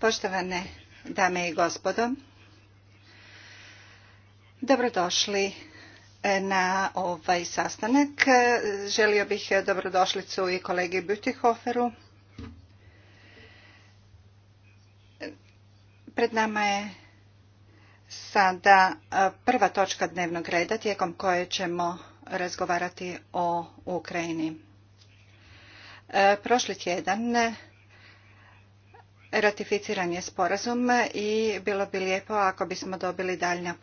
Poštovane dame i gospodo, dobrodošli na ovaj sastanak. Želio bih dobrodošlicu i kolegi Butihoferu. Pred nama je sada prva točka dnevnog reda tijekom koje ćemo razgovarati o Ukrajini. Prošli tjedan ratificiran je sporazum i bilo bi lijepo ako bismo dobili daljnja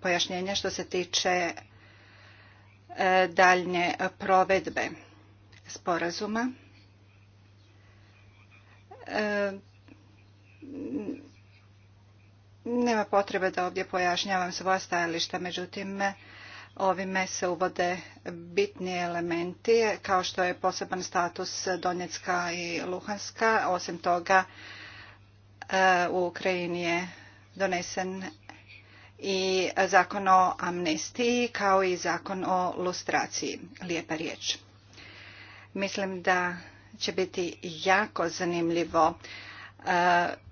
pojašnjenja što se tiče e, daljnje provedbe sporazuma. E, nema potrebe da ovdje pojašnjavam svoja stajališta, međutim Ovime se uvode bitni elementi kao što je poseban status Donjecka i Luhanska. Osim toga e, u Ukrajini je donesen i zakon o amnestiji kao i zakon o lustraciji. Lijepa riječ. Mislim da će biti jako zanimljivo e,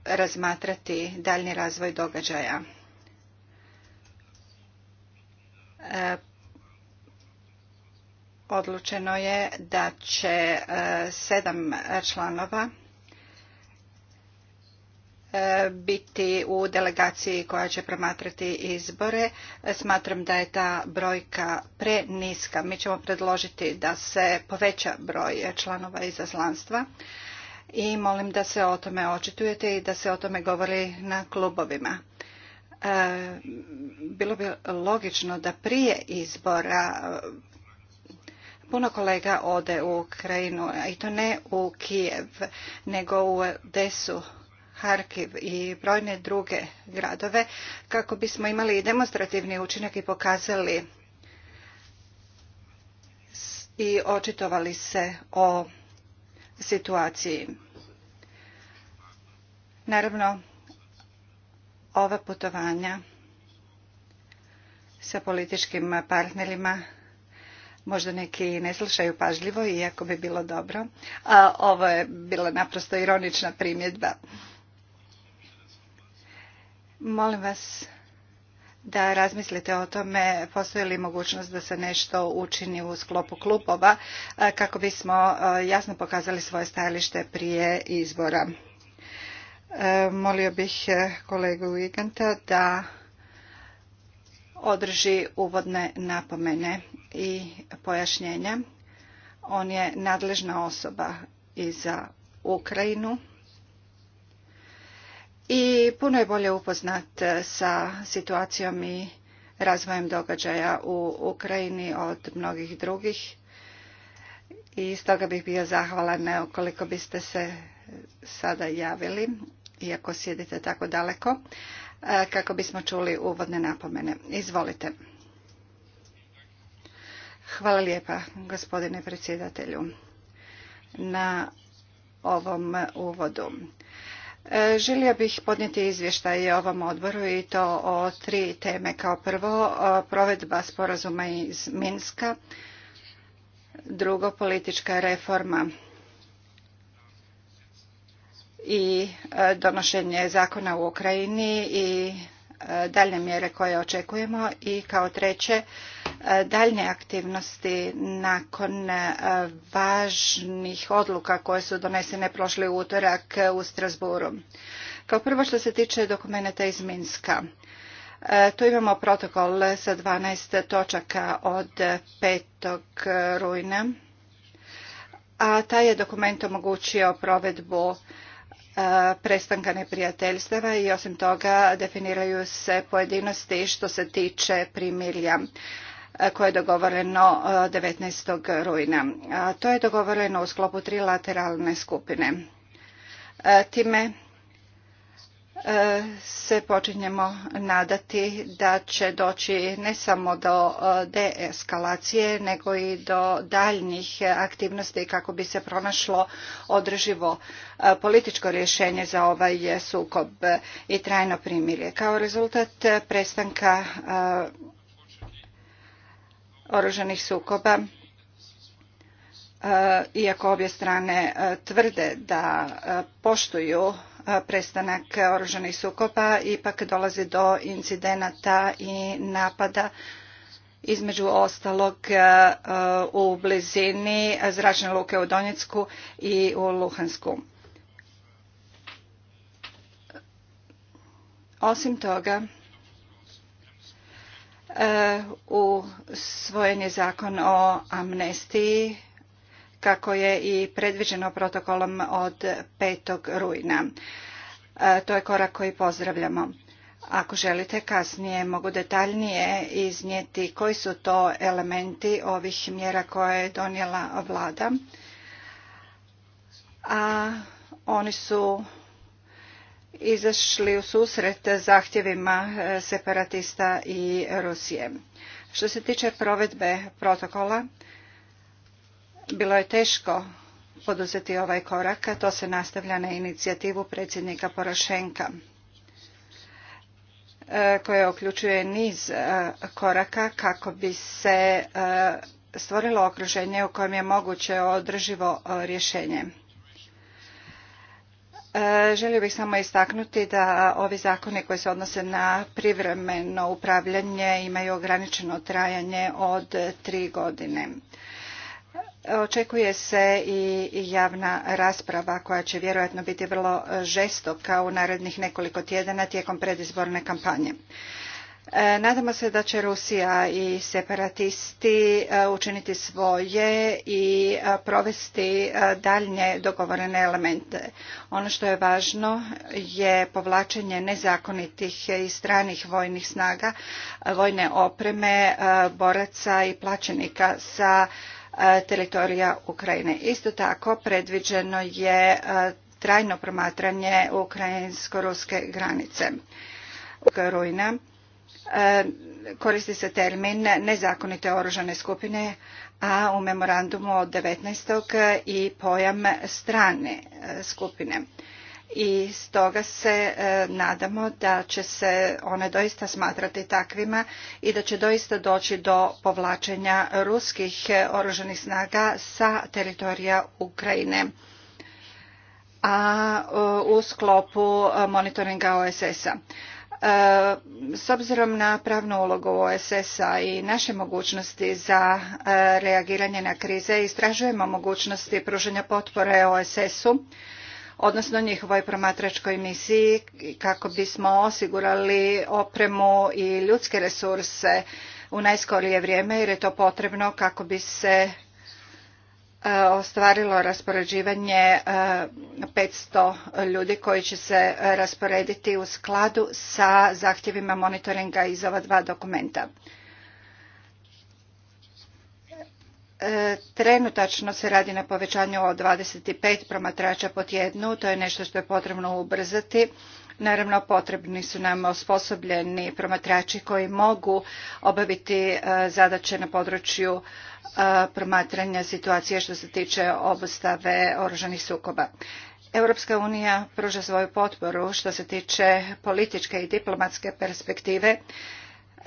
razmatrati daljnji razvoj događaja odlučeno je da će e, sedam članova e, biti u delegaciji koja će promatrati izbore. Smatram da je ta brojka preniska. Mi ćemo predložiti da se poveća broj članova izaslanstva i molim da se o tome očitujete i da se o tome govori na klubovima. E, bilo bi logično da prije izbora e, puno kolega ode u Ukrajinu, i to ne u Kijev, nego u Desu, Harkiv i brojne druge gradove, kako bismo imali demonstrativni učinak i pokazali i očitovali se o situaciji. Naravno, ova putovanja sa političkim partnerima možda neki ne slušaju pažljivo iako bi bilo dobro a ovo je bila naprosto ironična primjedba molim vas da razmislite o tome postoji li mogućnost da se nešto učini u sklopu klubova kako bismo jasno pokazali svoje stajalište prije izbora E, molio bih e, kolegu Iganta da održi uvodne napomene i pojašnjenja. On je nadležna osoba i za Ukrajinu i puno je bolje upoznat e, sa situacijom i razvojem događaja u Ukrajini od mnogih drugih i stoga bih bio zahvalan ukoliko biste se sada javili iako sjedite tako daleko, e, kako bismo čuli uvodne napomene. Izvolite. Hvala lijepa, gospodine predsjedatelju, na ovom uvodu. E, želio bih podnijeti izvještaj ovom odboru i to o tri teme. Kao prvo, e, provedba sporazuma iz Minska, drugo, politička reforma i e, donošenje zakona u Ukrajini i e, daljne mjere koje očekujemo i kao treće e, daljnje aktivnosti nakon važnih odluka koje su donesene prošli utorak u Strasburu. Kao prvo što se tiče dokumenta iz Minska. Tu imamo protokol sa 12 točaka od 5. rujna, a taj je dokument omogućio provedbu prestanka neprijateljstava i osim toga definiraju se pojedinosti što se tiče primirja e, koje je dogovoreno 19. E, rujna. To je dogovoreno u sklopu trilateralne skupine. E, time se počinjemo nadati da će doći ne samo do e, deeskalacije nego i do daljnjih aktivnosti kako bi se pronašlo održivo e, političko rješenje za ovaj sukob i trajno primirje. Kao rezultat prestanka e, oružanih sukoba iako obje strane tvrde da poštuju prestanak oružanih sukoba ipak dolazi do incidenata i napada između ostalog u blizini zračne luke u Donjecku i u Luhansku. Osim toga, usvojen je zakon o amnestiji kako je i predviđeno protokolom od 5. rujna. E, to je korak koji pozdravljamo. Ako želite, kasnije mogu detaljnije iznijeti koji su to elementi ovih mjera koje je donijela vlada. A oni su izašli u susret zahtjevima e, separatista i Rusije. Što se tiče provedbe protokola, bilo je teško poduzeti ovaj korak, to se nastavlja na inicijativu predsjednika Porošenka e, koja uključuje niz e, koraka kako bi se e, stvorilo okruženje u kojem je moguće održivo rješenje. Želio bih samo istaknuti da ovi zakoni koji se odnose na privremeno upravljanje imaju ograničeno trajanje od tri godine. Očekuje se i javna rasprava koja će vjerojatno biti vrlo e, žestoka u narednih nekoliko tjedana tijekom predizborne kampanje. E, nadamo se da će Rusija i separatisti e, učiniti svoje i provesti daljnje dogovorene elemente. Ono što je važno je povlačenje nezakonitih i stranih vojnih snaga, vojne opreme, boraca i plaćenika sa E, teritorija Ukrajine. Isto tako predviđeno je e, trajno promatranje ukrajinsko-ruske granice. rujna e, koristi se termin nezakonite oružane skupine, a u memorandumu od 19. i pojam strane skupine i stoga se e, nadamo da će se one doista smatrati takvima i da će doista doći do povlačenja ruskih e, oružanih snaga sa teritorija Ukrajine a e, u sklopu monitoringa OSS-a. S obzirom na pravnu ulogu OSS-a i naše mogućnosti za reagiranje na krize, istražujemo mogućnosti pružanja potpore OSS-u odnosno njihovoj promatračkoj misiji kako bismo osigurali opremu i ljudske resurse u najskorije vrijeme jer je to potrebno kako bi se e, ostvarilo raspoređivanje 500 e, ljudi koji će se rasporediti u skladu sa zahtjevima monitoringa iz ova dva dokumenta. E, trenutačno se radi na povećanju od pet promatrača po tjednu, to je nešto što je potrebno ubrzati. Naravno, potrebni su nam osposobljeni promatrači koji mogu obaviti e, zadaće na području e, promatranja situacije što se tiče obustave oružanih sukoba. Europska unija pruža svoju potporu što se tiče političke i diplomatske perspektive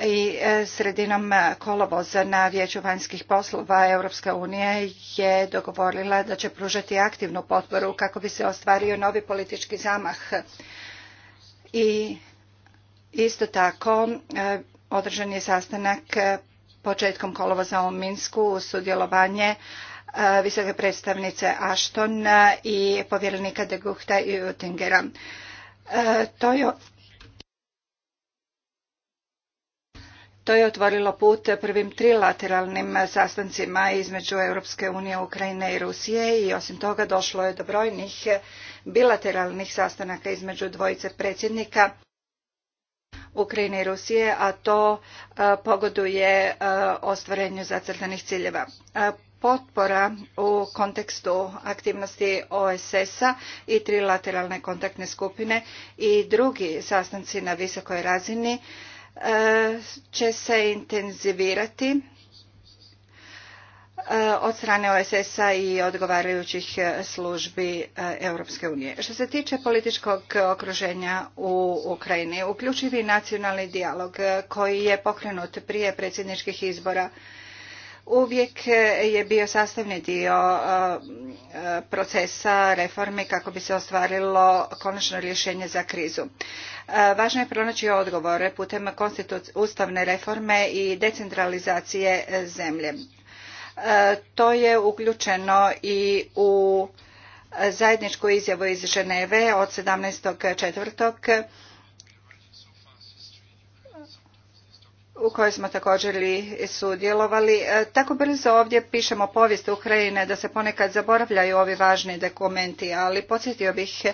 i e, sredinom e, kolovoza na Vijeću vanjskih poslova Europska unija je dogovorila da će pružati aktivnu potporu kako bi se ostvario novi politički zamah. I isto tako e, održan je sastanak početkom kolovoza u Minsku uz sudjelovanje visoke predstavnice Ashton i povjerenika de Guchta i Oettingera. To je To je otvorilo put prvim trilateralnim sastancima između Europske unije, Ukrajine i Rusije i osim toga došlo je do brojnih bilateralnih sastanaka između dvojice predsjednika Ukrajine i Rusije, a to e, pogoduje e, ostvarenju zacrtanih ciljeva. E, potpora u kontekstu aktivnosti OSS-a i trilateralne kontaktne skupine i drugi sastanci na visokoj razini E, će se intenzivirati e, od strane OSS-a i odgovarajućih e, službi Europske unije. Što se tiče političkog okruženja u Ukrajini, uključivi nacionalni dijalog koji je pokrenut prije predsjedničkih izbora uvijek e, je bio sastavni dio e, procesa reforme kako bi se ostvarilo konačno rješenje za krizu. E, važno je pronaći odgovore putem ustavne reforme i decentralizacije zemlje. To je uključeno i u zajedničku izjavu iz Ženeve od 17.4 u kojoj smo također i sudjelovali. E, tako brzo ovdje pišemo povijest Ukrajine da se ponekad zaboravljaju ovi važni dokumenti, ali podsjetio bih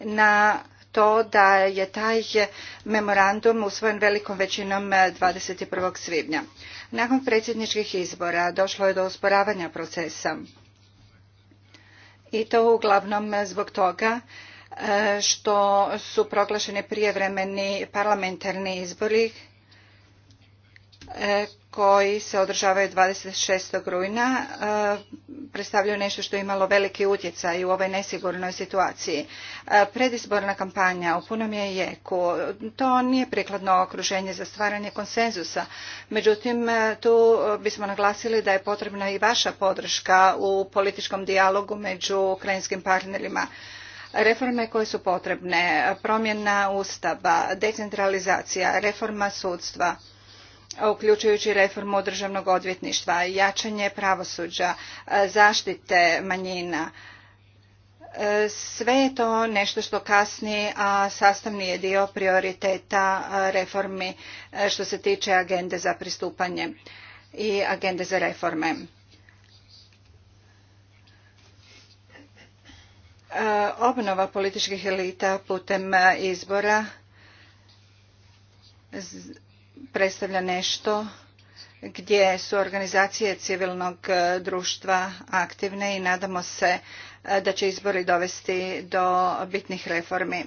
na to da je taj memorandum usvojen velikom većinom 21. E, svibnja. Nakon predsjedničkih izbora došlo je do usporavanja procesa i to uglavnom zbog toga e, što su proglašeni prijevremeni parlamentarni izbori E, koji se održavaju 26. rujna e, predstavljaju nešto što je imalo veliki utjecaj u ovoj nesigurnoj situaciji. E, predizborna kampanja u punom je jeku. To nije prikladno okruženje za stvaranje konsenzusa. Međutim, tu bismo naglasili da je potrebna i vaša podrška u političkom dijalogu među ukrajinskim partnerima reforme koje su potrebne promjena ustava decentralizacija reforma sudstva uključujući reformu državnog odvjetništva, jačanje pravosuđa, e, zaštite manjina. E, sve je to nešto što kasni, a sastavni je dio prioriteta e, reformi što se tiče agende za pristupanje i agende za reforme. Obnova političkih elita putem izbora predstavlja nešto gdje su organizacije civilnog e, društva aktivne i nadamo se e, da će izbori dovesti do bitnih reformi.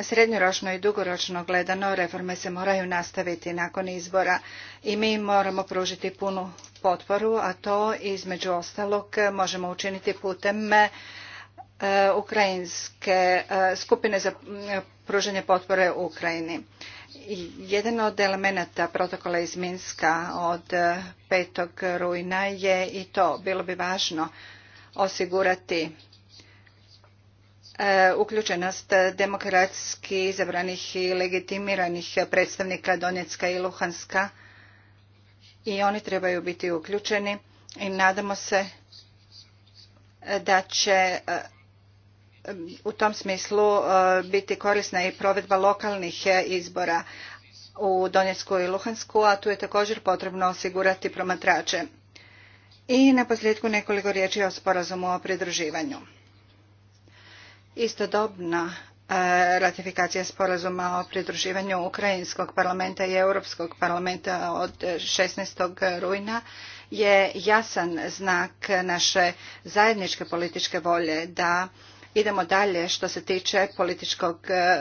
Srednjoročno i dugoročno gledano reforme se moraju nastaviti nakon izbora i mi moramo pružiti punu potporu, a to između ostalog možemo učiniti putem e, ukrajinske skupine za pružanje potpore Ukrajini. Jedan od elemenata protokola iz Minska od 5. rujna je i to bilo bi važno osigurati e, uključenost demokratski izabranih i legitimiranih predstavnika Donetska i Luhanska i oni trebaju biti uključeni i nadamo se da će e, u tom smislu e, biti korisna i provedba lokalnih e, izbora u Donetsku i Luhansku, a tu je također potrebno osigurati promatrače. I na posljedku nekoliko riječi o sporazumu o pridruživanju. Istodobna e, ratifikacija sporazuma o pridruživanju Ukrajinskog parlamenta i Europskog parlamenta od 16. rujna je jasan znak naše zajedničke političke volje da idemo dalje što se tiče političkog e, e,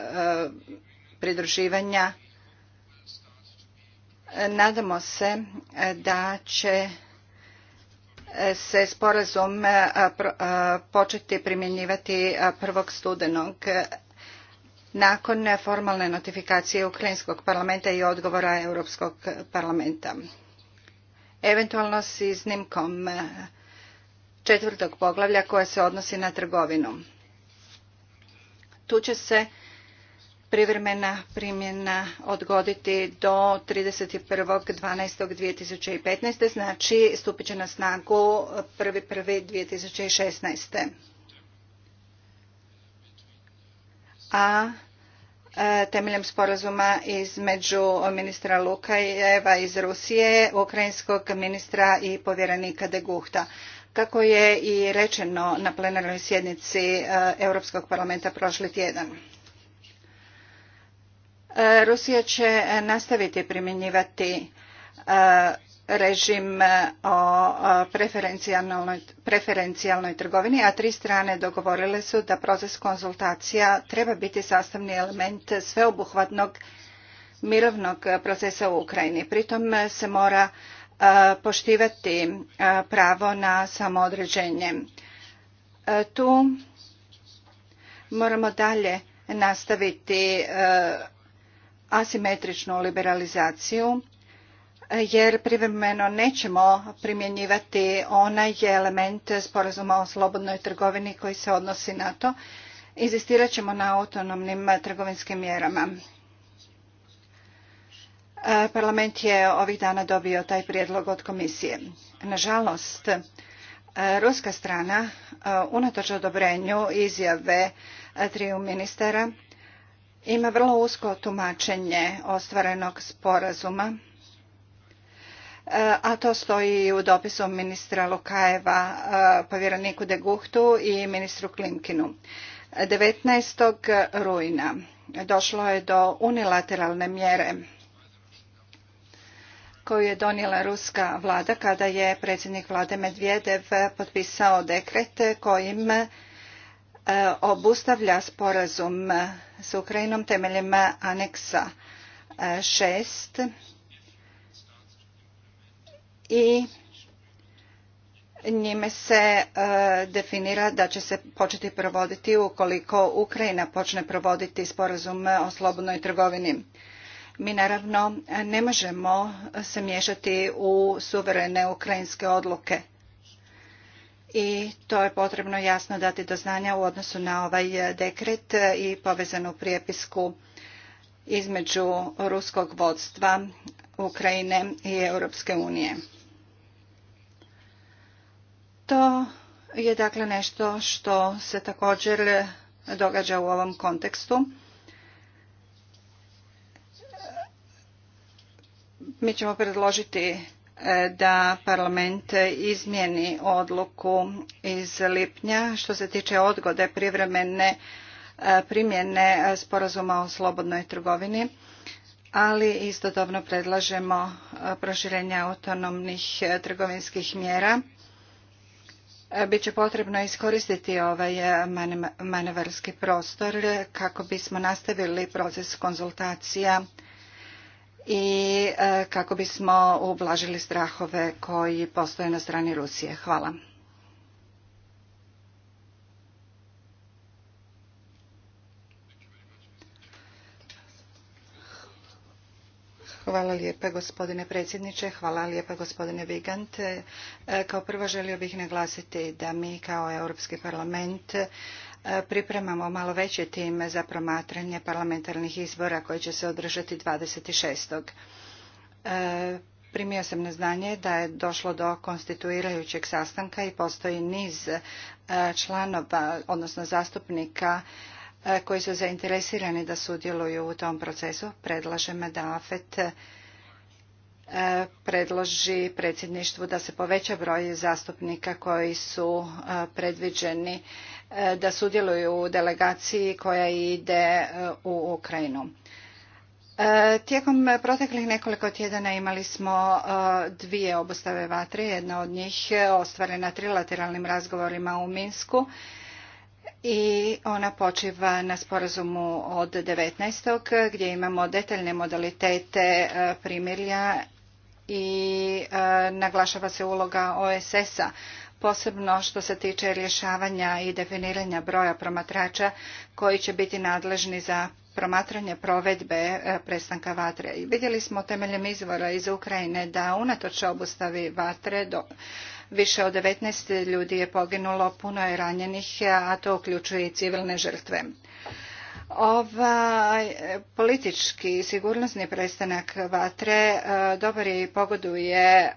pridruživanja. Nadamo se e, da će se sporazum početi primjenjivati prvog studenog nakon formalne notifikacije Ukrajinskog parlamenta i odgovora Europskog parlamenta. Eventualno s iznimkom četvrtog poglavlja koje se odnosi na trgovinu. Tu će se privremena primjena odgoditi do 31.12.2015. znači stupit će na snagu 1.1.2016. A e, temeljem sporazuma između ministra Lukajeva iz Rusije, ukrajinskog ministra i povjerenika De kako je i rečeno na plenarnoj sjednici e, Europskog parlamenta prošli tjedan. E, Rusija će nastaviti primjenjivati e, režim o preferencijalnoj, trgovini, a tri strane dogovorile su da proces konzultacija treba biti sastavni element sveobuhvatnog mirovnog procesa u Ukrajini. Pritom se mora poštivati pravo na samoodređenje. Tu moramo dalje nastaviti asimetričnu liberalizaciju jer privremeno nećemo primjenjivati onaj element sporazuma o slobodnoj trgovini koji se odnosi na to. Inzistirat ćemo na autonomnim trgovinskim mjerama. Parlament je ovih dana dobio taj prijedlog od komisije. Nažalost, ruska strana, unatoč odobrenju izjave triju ministara, ima vrlo usko tumačenje ostvarenog sporazuma, a to stoji i u dopisu ministra Lukajeva, povjereniku de Guhtu i ministru Klimkinu. 19. rujna došlo je do unilateralne mjere koju je donijela ruska vlada kada je predsjednik vlade Medvjedev potpisao dekret kojim e, obustavlja sporazum s Ukrajinom temeljem aneksa 6 e, i njime se e, definira da će se početi provoditi ukoliko Ukrajina počne provoditi sporazum o slobodnoj trgovini. Mi naravno e, ne možemo se miješati u suverene ukrajinske odluke i to je potrebno jasno dati do znanja u odnosu na ovaj e, dekret i povezanu prijepisku između ruskog vodstva Ukrajine i Europske unije. To je dakle nešto što se također događa u ovom kontekstu Mi ćemo predložiti e, da parlament izmijeni odluku iz lipnja što se tiče odgode privremene e, primjene sporazuma o slobodnoj trgovini ali istodobno predlažemo e, proširenje autonomnih trgovinskih mjera. Biće potrebno iskoristiti ovaj manevarski prostor kako bismo nastavili proces konzultacija i e, kako bismo ublažili strahove koji postoje na strani Rusije. Hvala. Hvala lijepa gospodine predsjedniče, hvala lijepa gospodine Vigant. E, kao prvo želio bih naglasiti da mi kao Europski parlament pripremamo malo veće time za promatranje parlamentarnih izbora koji će se održati 26. E, primio sam na znanje da je došlo do konstituirajućeg sastanka i postoji niz e, članova, odnosno zastupnika e, koji su zainteresirani da sudjeluju u tom procesu. Predlažem da AFET predloži predsjedništvu da se poveća broj zastupnika koji su predviđeni E, da sudjeluju u delegaciji koja ide e, u Ukrajinu. E, tijekom proteklih nekoliko tjedana imali smo dvije obustave vatre, jedna od njih ostvarena trilateralnim razgovorima u Minsku i ona počiva na sporazumu od 19. gdje imamo detaljne modalitete primirja i naglašava se uloga OSS-a posebno što se tiče rješavanja i definiranja broja promatrača koji će biti nadležni za promatranje provedbe e, prestanka vatre. Vidjeli smo temeljem izvora iz Ukrajine da unatoč obustavi vatre do više od 19 ljudi je poginulo, puno je ranjenih, a to uključuje i civilne žrtve. Ovaj e, politički sigurnosni prestanak vatre e, dobar je i pogoduje e,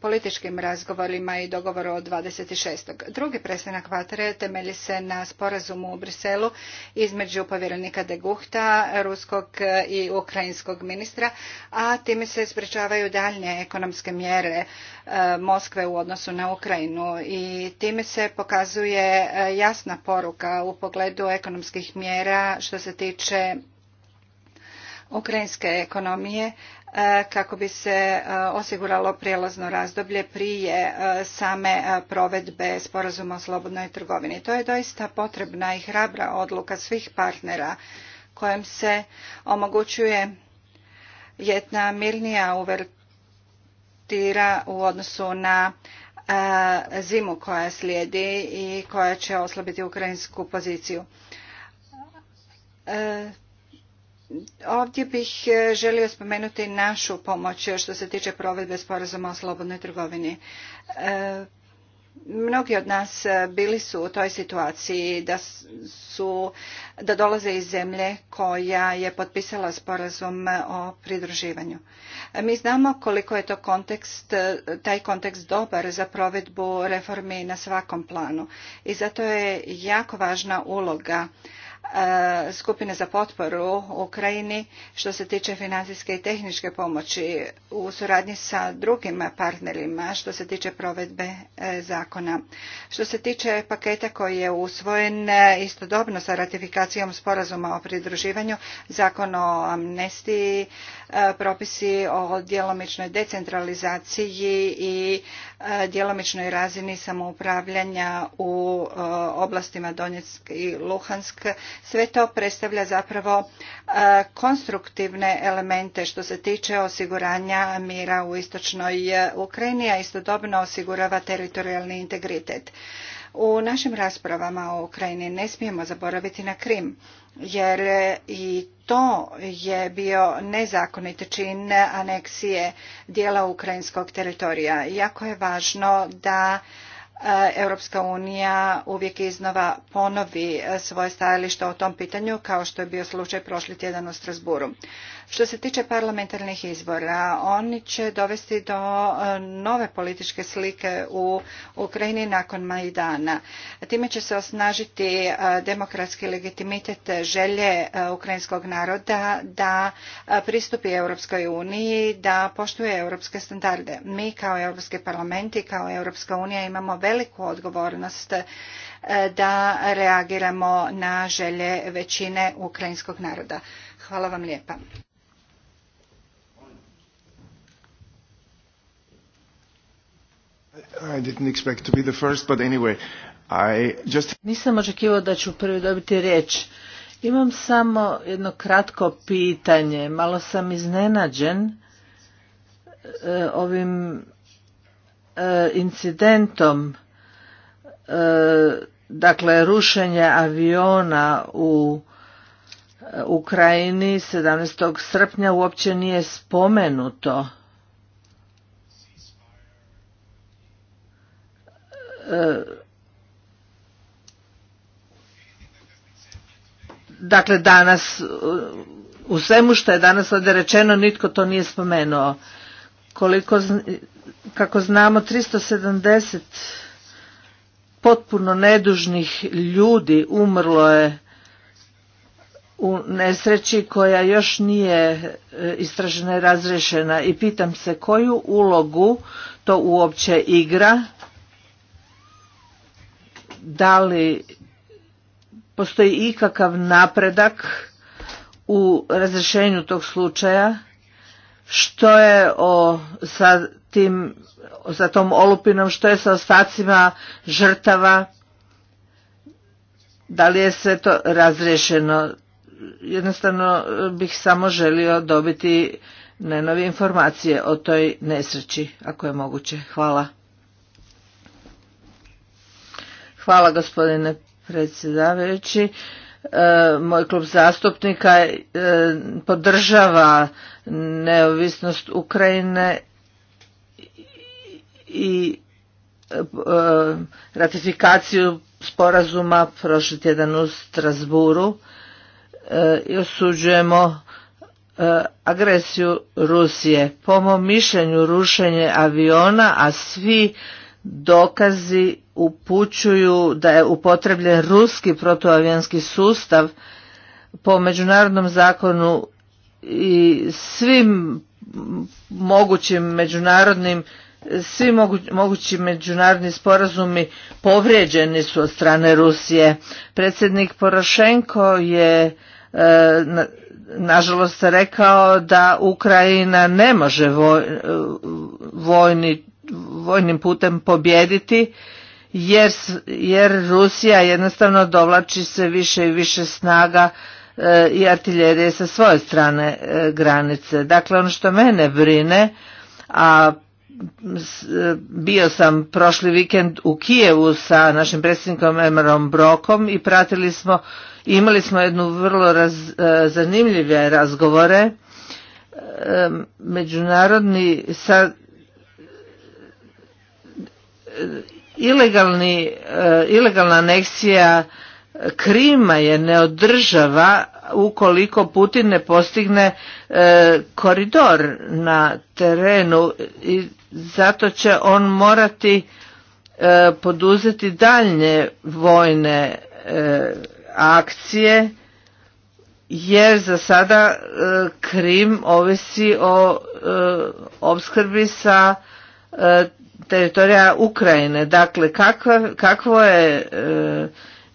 političkim razgovorima i dogovoru od 26. Drugi prestanak vatre temelji se na sporazumu u Briselu između povjerenika de Guhta, ruskog i ukrajinskog ministra, a time se sprečavaju daljnje ekonomske mjere Moskve u odnosu na Ukrajinu i time se pokazuje jasna poruka u pogledu ekonomskih mjera mjera što se tiče ukrajinske ekonomije e, kako bi se e, osiguralo prijelazno razdoblje prije e, same provedbe sporazuma o slobodnoj trgovini. To je doista potrebna i hrabra odluka svih partnera kojem se omogućuje jedna mirnija uvertira u odnosu na zimu koja slijedi i koja će oslabiti ukrajinsku poziciju. E, ovdje bih e, želio spomenuti našu pomoć što se tiče provedbe sporazuma o slobodnoj trgovini. E, mnogi od nas bili su u toj situaciji da, su, da dolaze iz zemlje koja je potpisala sporazum o pridruživanju. Mi znamo koliko je to kontekst, taj kontekst dobar za provedbu reformi na svakom planu i zato je jako važna uloga E, skupine za potporu Ukrajini što se tiče financijske i tehničke pomoći u suradnji sa drugim partnerima što se tiče provedbe e, zakona. Što se tiče paketa koji je usvojen e, istodobno sa ratifikacijom sporazuma o pridruživanju, zakon o amnestiji, propisi o djelomičnoj decentralizaciji i E, djelomičnoj razini samoupravljanja u e, oblastima Donjeck i Luhansk. Sve to predstavlja zapravo e, konstruktivne elemente što se tiče osiguranja mira u istočnoj Ukrajini, a istodobno osigurava teritorijalni integritet. U našim raspravama o Ukrajini ne smijemo zaboraviti na Krim, jer i to je bio nezakonit čin aneksije dijela ukrajinskog teritorija. Jako je važno da e, Europska unija uvijek iznova ponovi e, svoje stajalište o tom pitanju, kao što je bio slučaj prošli tjedan u Strasburu. Što se tiče parlamentarnih izbora, oni će dovesti do e, nove političke slike u Ukrajini nakon Majdana. Time će se osnažiti e, demokratski legitimitet želje e, ukrajinskog naroda da pristupi Europskoj uniji, da poštuje europske standarde. Mi kao Europski parlament i kao Europska unija imamo veliku odgovornost da reagiramo na želje većine ukrajinskog naroda. Hvala vam lijepa. Nisam očekivao da ću prvi dobiti riječ. Imam samo jedno kratko pitanje. Malo sam iznenađen e, ovim e, incidentom, e, dakle rušenje aviona u Ukrajini 17. srpnja uopće nije spomenuto. E, dakle danas u svemu što je danas ovdje rečeno nitko to nije spomenuo koliko kako znamo 370 potpuno nedužnih ljudi umrlo je u nesreći koja još nije e, istražena i razrešena i pitam se koju ulogu to uopće igra da li postoji ikakav napredak u razrešenju tog slučaja što je o sa tim sa tom olupinom što je sa ostacima žrtava da li je sve to razriješeno jednostavno eh, bih samo želio dobiti nove informacije o toj nesreći ako je moguće hvala Hvala gospodine predsjedavajući. E, moj klub zastupnika e, podržava neovisnost Ukrajine i e, ratifikaciju sporazuma prošli tjedan u Strasburu i osuđujemo agresiju Rusije. Po mom mišljenju rušenje aviona, a svi dokazi upućuju da je upotrebljen ruski protoavijanski sustav po međunarodnom zakonu i svim mogućim međunarodnim svi mogući međunarodni sporazumi povrijeđeni su od strane Rusije. Predsjednik Porošenko je e, nažalost rekao da Ukrajina ne može e, vojni, vojnim putem pobjediti jer, jer Rusija jednostavno dovlači sve više i više snaga e, i artiljerije sa svoje strane e, granice. Dakle, ono što mene brine, a e, bio sam prošli vikend u Kijevu sa našim predsjednikom Emerom Brokom i pratili smo, imali smo jednu vrlo zanimljive razgovore. Međunarodni sa Ilegalni, e, ilegalna aneksija Krima je neodržava ukoliko Putin ne postigne e, koridor na terenu i zato će on morati e, poduzeti daljnje vojne akcije jer za sada Krim ovisi o opskrbi sa teritorija Ukrajine. Dakle, kakva, kakvo je e,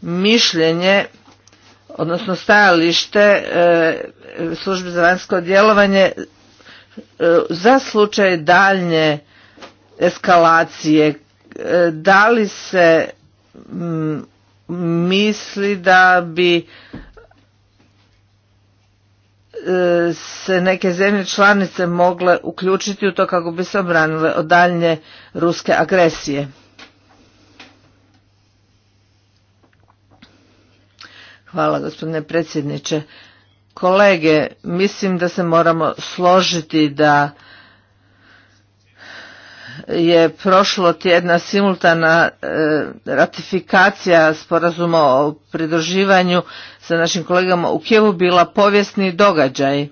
mišljenje, odnosno stajalište e, službe za vanjsko djelovanje e, za slučaj daljnje eskalacije? E, da li se misli da bi E, se neke zemlje članice mogle uključiti u to kako bi se obranile od daljnje ruske agresije. Hvala gospodine predsjedniče. Kolege, mislim da se moramo složiti da je prošlo tjedna simultana e, ratifikacija sporazuma o pridruživanju sa našim kolegama u Kijevu bila povijesni događaj. E,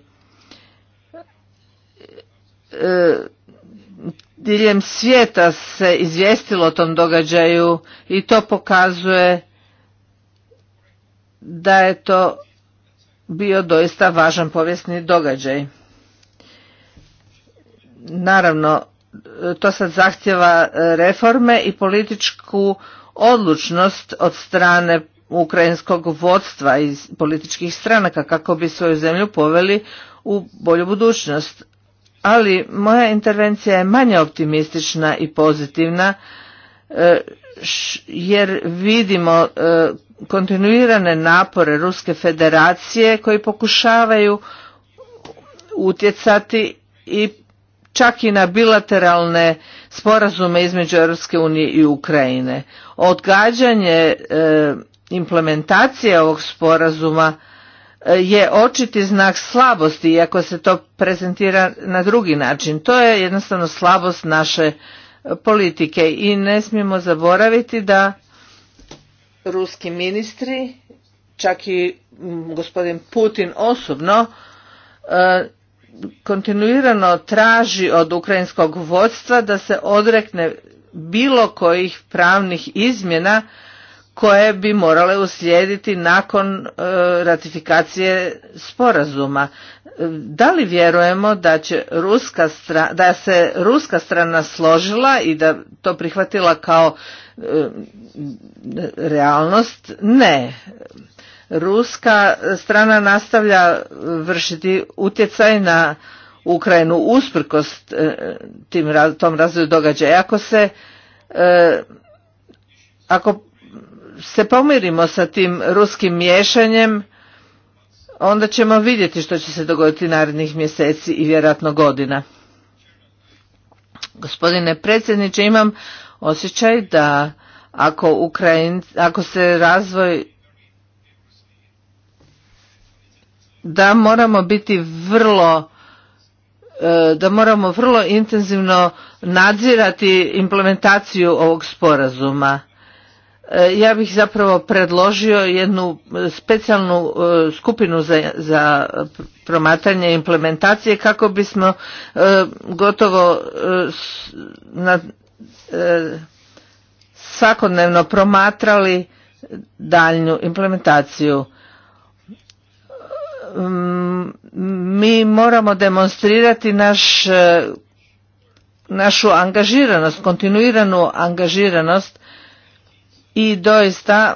diljem svijeta se izvijestilo o tom događaju i to pokazuje da je to bio doista važan povijesni događaj. Naravno, to sad zahtjeva e, reforme i političku odlučnost od strane ukrajinskog vodstva i političkih stranaka kako bi svoju zemlju poveli u bolju budućnost. Ali moja intervencija je manje optimistična i pozitivna e, jer vidimo e, kontinuirane napore Ruske federacije koji pokušavaju utjecati i čak i na bilateralne sporazume između Europske unije i Ukrajine. Odgađanje e, implementacije ovog sporazuma e, je očiti znak slabosti, iako se to prezentira na drugi način. To je jednostavno slabost naše e, politike i ne smijemo zaboraviti da ruski ministri, čak i gospodin Putin osobno, kontinuirano traži od ukrajinskog vodstva da se odrekne bilo kojih pravnih izmjena koje bi morale uslijediti nakon e, ratifikacije sporazuma. E, da li vjerujemo da, će ruska da se ruska strana složila i da to prihvatila kao e, realnost? Ne. Ruska strana nastavlja e, vršiti utjecaj na Ukrajinu usprkos e, tim, tom razvoju događaja. Ako se, e, ako se pomirimo sa tim ruskim miješanjem, onda ćemo vidjeti što će se dogoditi narednih mjeseci i vjerojatno godina. Gospodine predsjedniče, imam osjećaj da ako, Ukrajin, ako se razvoj da moramo biti vrlo e, da moramo vrlo intenzivno nadzirati implementaciju ovog sporazuma. E, ja bih zapravo predložio jednu e, specijalnu skupinu za, za promatranje implementacije kako bismo gotovo svakodnevno promatrali daljnju implementaciju Mm, mi moramo demonstrirati naš, e, našu angažiranost, kontinuiranu angažiranost i doista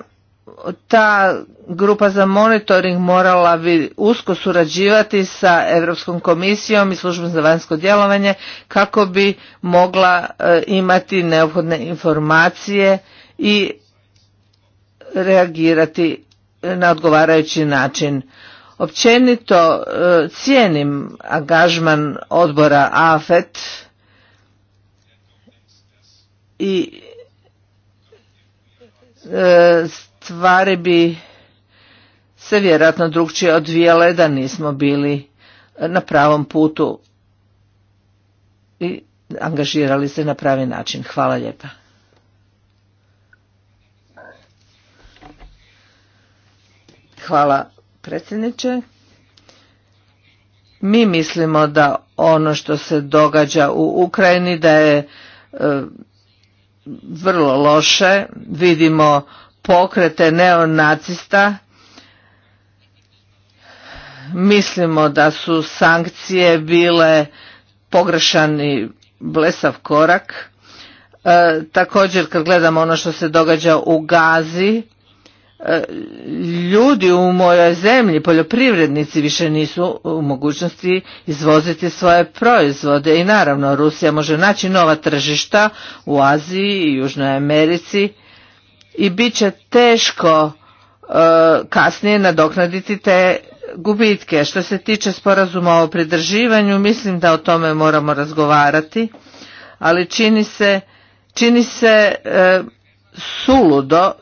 ta grupa za monitoring morala bi usko surađivati sa Europskom komisijom i službom za vanjsko djelovanje kako bi mogla e, imati neophodne informacije i reagirati na odgovarajući način. Općenito e, cijenim angažman odbora AFET i e, stvari bi se vjerojatno drugčije odvijale da nismo bili na pravom putu i angažirali se na pravi način. Hvala lijepa. Hvala predsjedniče. Mi mislimo da ono što se događa u Ukrajini da je e, vrlo loše. Vidimo pokrete neonacista. Mislimo da su sankcije bile pogrešan i blesav korak. E, također kad gledamo ono što se događa u Gazi, E, ljudi u mojoj zemlji, poljoprivrednici više nisu u mogućnosti izvoziti svoje proizvode i naravno Rusija može naći nova tržišta u Aziji i Južnoj Americi i bit će teško e, kasnije nadoknaditi te gubitke. Što se tiče sporazuma o pridrživanju, mislim da o tome moramo razgovarati, ali čini se, čini se e, suludo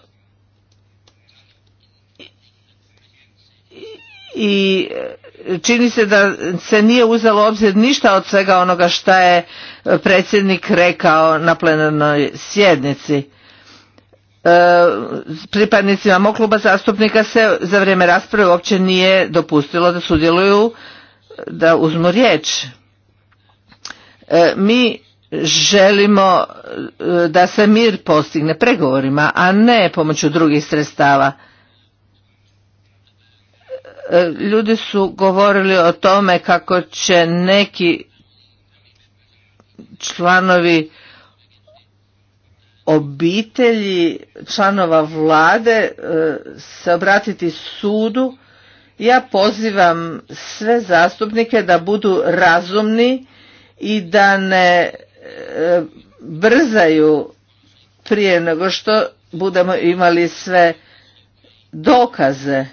i e, čini se da se nije uzelo obzir ništa od svega onoga što je e, predsjednik rekao na plenarnoj sjednici. E, pripadnicima mog kluba zastupnika se za vrijeme rasprave uopće nije dopustilo da sudjeluju, da uzmu riječ. Mi želimo da se mir postigne pregovorima, a ne pomoću drugih sredstava ljudi su govorili o tome kako će neki članovi obitelji članova vlade e, se obratiti sudu ja pozivam sve zastupnike da budu razumni i da ne e, brzaju prije nego što budemo imali sve dokaze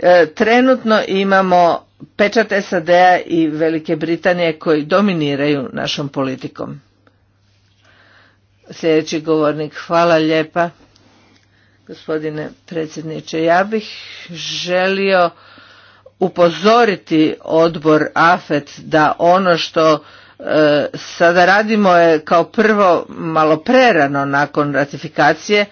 E, trenutno imamo pečat SAD-a i Velike Britanije koji dominiraju našom politikom. Sljedeći govornik, hvala lijepa. Gospodine predsjedniče, ja bih želio upozoriti odbor AFET da ono što e, sada radimo je kao prvo malo prerano nakon ratifikacije,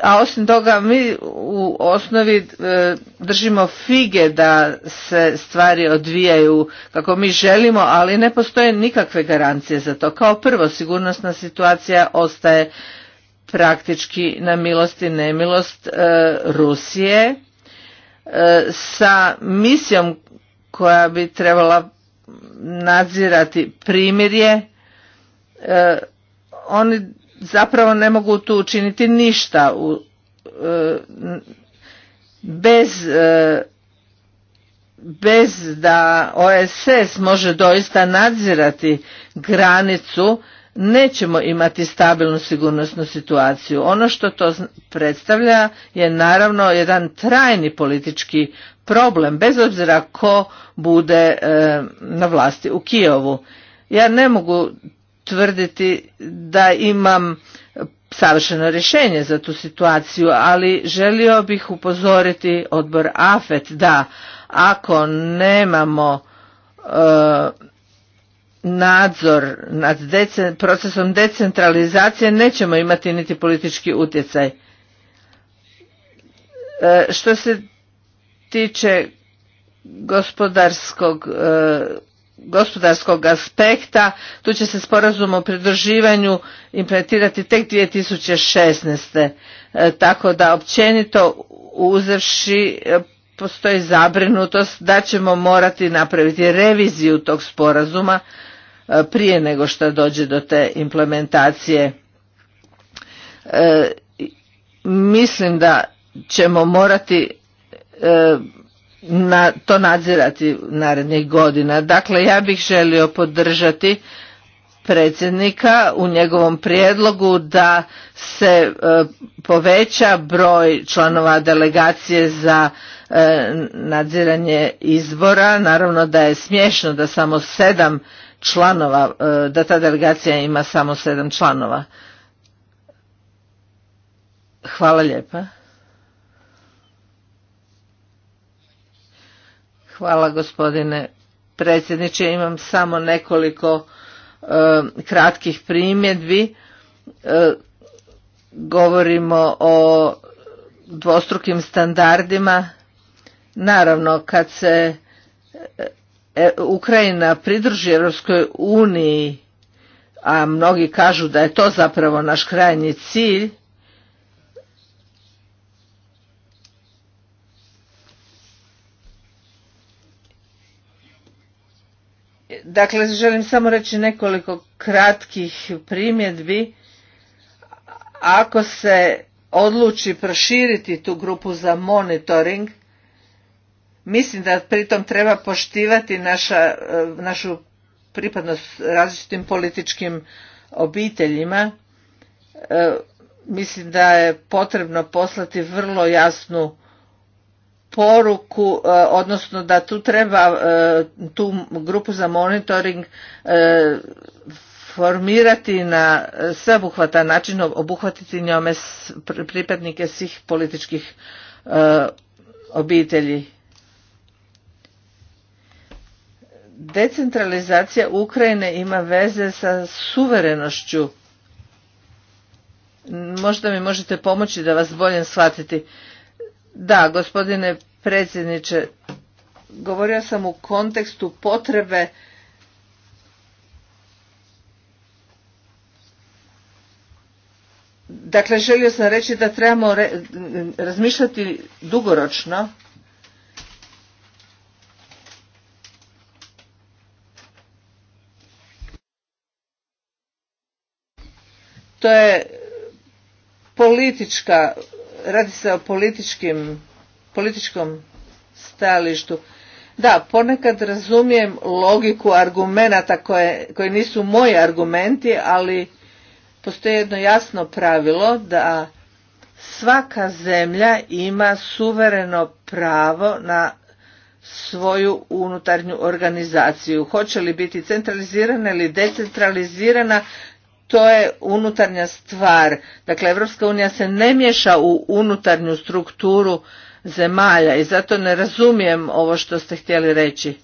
a osim toga mi u osnovi e, držimo fige da se stvari odvijaju kako mi želimo, ali ne postoje nikakve garancije za to. Kao prvo, sigurnosna situacija ostaje praktički na milost i nemilost e, Rusije e, sa misijom koja bi trebala nadzirati primirje. Oni zapravo ne mogu tu učiniti ništa u, e, bez e, bez da OSS može doista nadzirati granicu, nećemo imati stabilnu sigurnosnu situaciju. Ono što to predstavlja je naravno jedan trajni politički problem, bez obzira ko bude e, na vlasti u Kijevu. Ja ne mogu tvrditi da imam savršeno rješenje za tu situaciju, ali želio bih upozoriti odbor AFET da ako nemamo e, nadzor nad procesom decentralizacije nećemo imati niti politički utjecaj. E, što se tiče gospodarskog e, gospodarskog aspekta. Tu će se sporazum o pridruživanju implementirati tek 2016. E, tako da općenito uzevši e, postoji zabrinutost da ćemo morati napraviti reviziju tog sporazuma e, prije nego što dođe do te implementacije. Mislim da ćemo morati na to nadzirati narednih godina. Dakle, ja bih želio podržati predsjednika u njegovom prijedlogu da se e, poveća broj članova delegacije za e, nadziranje izbora. Naravno da je smiješno da samo sedam članova, e, da ta delegacija ima samo sedam članova. Hvala lijepa. Hvala gospodine predsjedniče. Imam samo nekoliko e, kratkih primjedbi. E, govorimo o dvostrukim standardima. Naravno, kad se e, Ukrajina pridruži Europskoj uniji, a mnogi kažu da je to zapravo naš krajnji cilj, Dakle, želim samo reći nekoliko kratkih primjedbi. Ako se odluči proširiti tu grupu za monitoring, mislim da pritom treba poštivati naša, eh, našu pripadnost različitim političkim obiteljima. Eh, mislim da je potrebno poslati vrlo jasnu poruku, e, odnosno da tu treba e, tu grupu za monitoring e, formirati na sveobuhvatan način, obuhvatiti njome pripadnike svih političkih obitelji. Decentralizacija Ukrajine ima veze sa suverenošću. Možda mi možete pomoći da vas bolje shvatiti. Da, gospodine predsjedniče, govorio sam u kontekstu potrebe Dakle, želio sam reći da trebamo razmišljati dugoročno. To je politička radi se o političkim, političkom stajalištu. Da, ponekad razumijem logiku argumenata koje, nisu moji argumenti, ali postoji jedno jasno pravilo da svaka zemlja ima suvereno pravo na svoju unutarnju organizaciju. Hoće li biti centralizirana ili decentralizirana, to je unutarnja stvar. Dakle, Evropska unija se ne miješa u unutarnju strukturu zemalja i zato ne razumijem ovo što ste htjeli reći.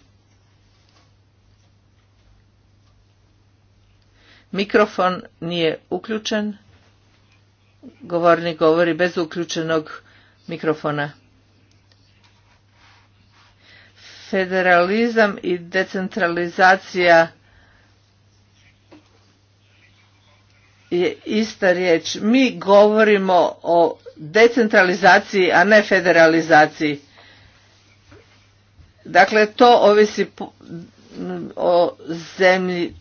Mikrofon nije uključen. Govornik govori bez uključenog mikrofona. Federalizam i decentralizacija je ista riječ. Mi govorimo o decentralizaciji, a ne federalizaciji. Dakle, to ovisi o zemlji,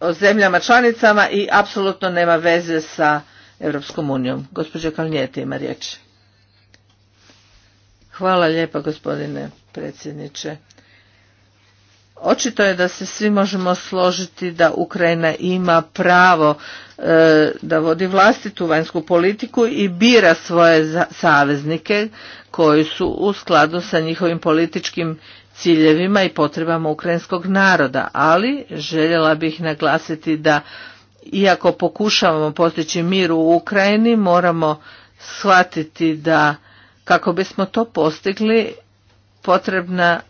o zemljama članicama i apsolutno nema veze sa Europskom unijom. Gospođa Kalnijete ima riječ. Hvala lijepa gospodine predsjedniče. Očito je da se svi možemo složiti da Ukrajina ima pravo e, da vodi vlastitu vanjsku politiku i bira svoje saveznike koji su u skladu sa njihovim političkim ciljevima i potrebama ukrajinskog naroda, ali željela bih naglasiti da iako pokušavamo postići mir u Ukrajini, moramo shvatiti da kako bismo to postigli potrebna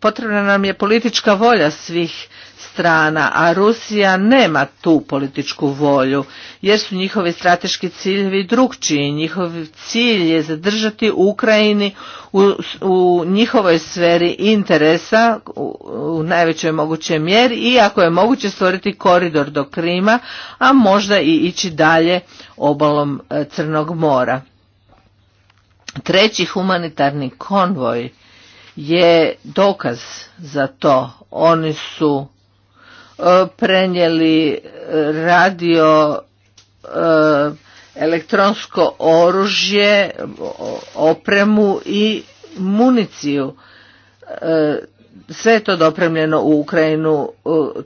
potrebna nam je politička volja svih strana, a Rusija nema tu političku volju, jer su njihovi strateški ciljevi drugčiji. Njihov cilj je zadržati Ukrajini u, u njihovoj sferi interesa u, u najvećoj mogućoj mjeri i ako je moguće stvoriti koridor do Krima, a možda i ići dalje obalom e, Crnog mora. Treći humanitarni konvoj je dokaz za to. Oni su e, prenijeli e, radio e, elektronsko oružje, opremu i municiju. Sve je to dopremljeno u Ukrajinu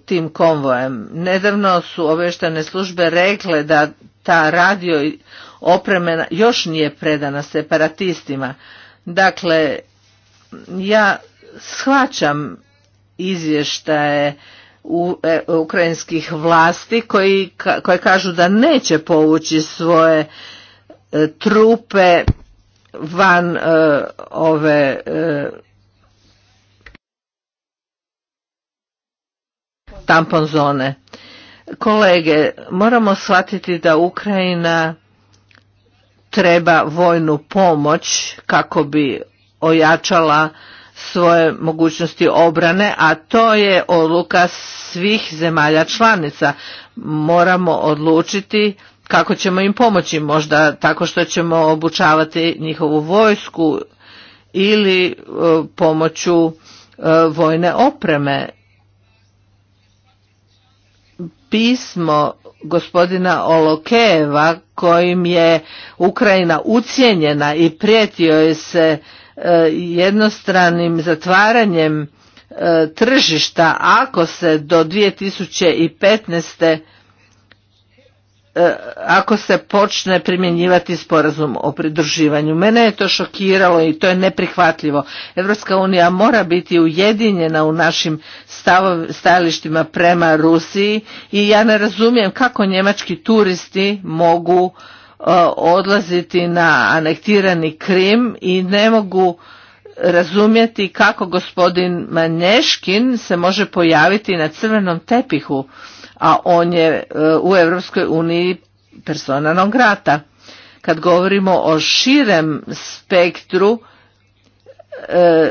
tim konvojem. Nedavno su oveštane službe rekle da ta radio opremena još nije predana separatistima. Dakle, ja shvaćam izvještaje u, e, ukrajinskih vlasti koji, koje kažu da neće povući svoje e, trupe van e, ove tampon zone. Kolege, moramo shvatiti da Ukrajina treba vojnu pomoć kako bi ojačala svoje mogućnosti obrane, a to je odluka svih zemalja članica. Moramo odlučiti kako ćemo im pomoći, možda tako što ćemo obučavati njihovu vojsku ili e, pomoću e, vojne opreme. Pismo gospodina Olokeva, kojim je Ukrajina ucijenjena i prijetio je se E, jednostranim zatvaranjem e, tržišta ako se do 2015. E, ako se počne primjenjivati sporazum o pridruživanju. Mene je to šokiralo i to je neprihvatljivo. Evropska unija mora biti ujedinjena u našim stajalištima prema Rusiji i ja ne razumijem kako njemački turisti mogu E, odlaziti na anektirani Krim i ne mogu razumjeti kako gospodin Manješkin se može pojaviti na crvenom tepihu, a on je e, u Europskoj uniji persona grata. Kad govorimo o širem spektru, e,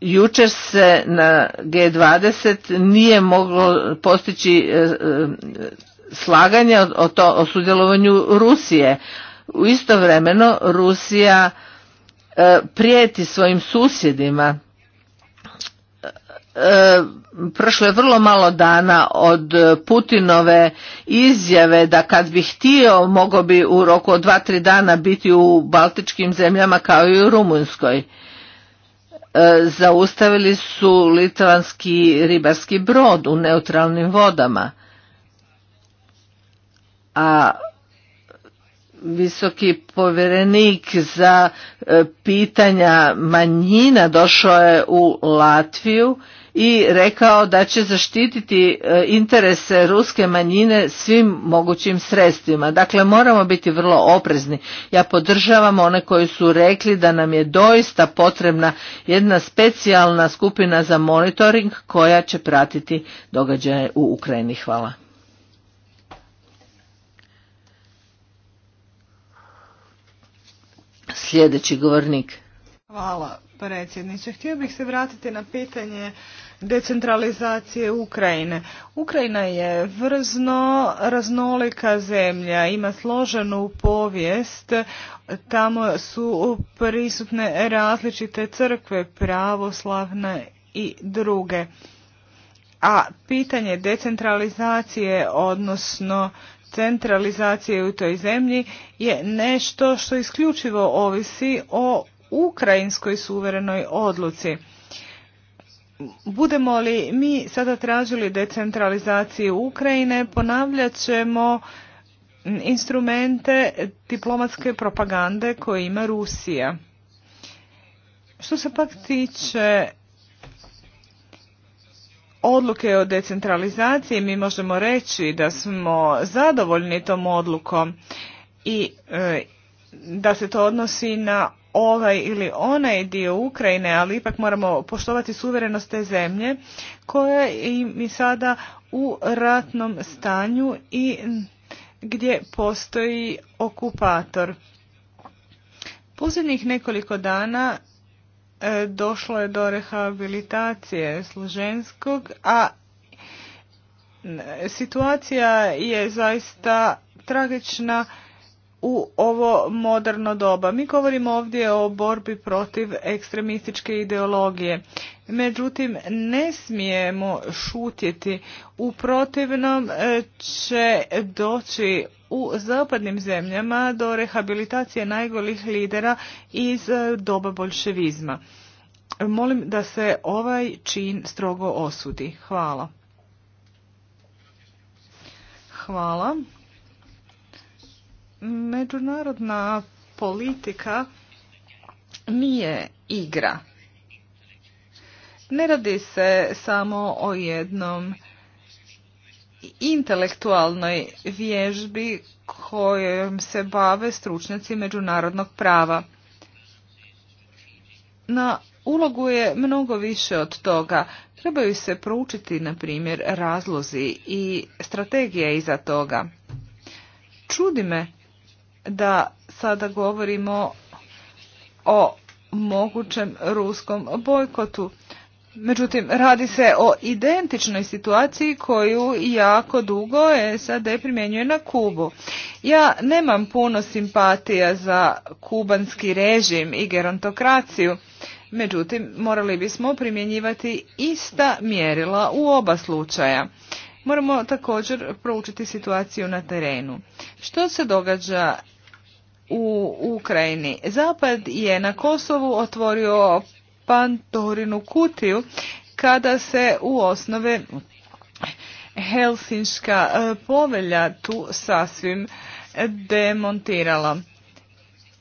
jučer se na G20 nije moglo postići slaganje o, to, o sudjelovanju Rusije. U istovremeno Rusija e, prijeti svojim susjedima. E, prošlo je vrlo malo dana od Putinove izjave da kad bi htio mogao bi u roku od dva, tri dana biti u baltičkim zemljama kao i u Rumunjskoj. E, zaustavili su litvanski ribarski brod u neutralnim vodama a visoki povjerenik za e, pitanja manjina došao je u Latviju i rekao da će zaštititi e, interese ruske manjine svim mogućim sredstvima. Dakle, moramo biti vrlo oprezni. Ja podržavam one koji su rekli da nam je doista potrebna jedna specijalna skupina za monitoring koja će pratiti događaje u Ukrajini. Hvala. sljedeći govornik. Hvala predsjedniče. Htio bih se vratiti na pitanje decentralizacije Ukrajine. Ukrajina je vrzno raznolika zemlja, ima složenu povijest, tamo su prisutne različite crkve, pravoslavne i druge. A pitanje decentralizacije, odnosno centralizacije u toj zemlji je nešto što isključivo ovisi o ukrajinskoj suverenoj odluci. Budemo li mi sada tražili decentralizaciju Ukrajine, ponavljat ćemo instrumente diplomatske propagande koje ima Rusija. Što se pak tiče odluke o decentralizaciji mi možemo reći da smo zadovoljni tom odlukom i e, da se to odnosi na ovaj ili onaj dio Ukrajine, ali ipak moramo poštovati suverenost te zemlje koja je i sada u ratnom stanju i gdje postoji okupator. Posljednjih nekoliko dana E, došlo je do rehabilitacije Složenskog, a situacija je zaista tragična u ovo moderno doba. Mi govorimo ovdje o borbi protiv ekstremističke ideologije. Međutim, ne smijemo šutjeti. U protivnom e, će doći u zapadnim zemljama do rehabilitacije najgorih lidera iz e, doba bolševizma. Molim da se ovaj čin strogo osudi. Hvala. Hvala. Međunarodna politika nije igra. Ne radi se samo o jednom intelektualnoj vježbi kojom se bave stručnjaci međunarodnog prava. Na ulogu je mnogo više od toga. Trebaju se proučiti, na primjer, razlozi i strategije iza toga. Čudi me da sada govorimo o mogućem ruskom bojkotu Međutim, radi se o identičnoj situaciji koju jako dugo SAD primjenjuje na Kubu. Ja nemam puno simpatija za kubanski režim i gerontokraciju, međutim morali bismo primjenjivati ista mjerila u oba slučaja. Moramo također proučiti situaciju na terenu. Što se događa u Ukrajini. Zapad je na Kosovu otvorio Pantorinu kutiju kada se u osnove Helsinška e, povelja tu sasvim demontirala.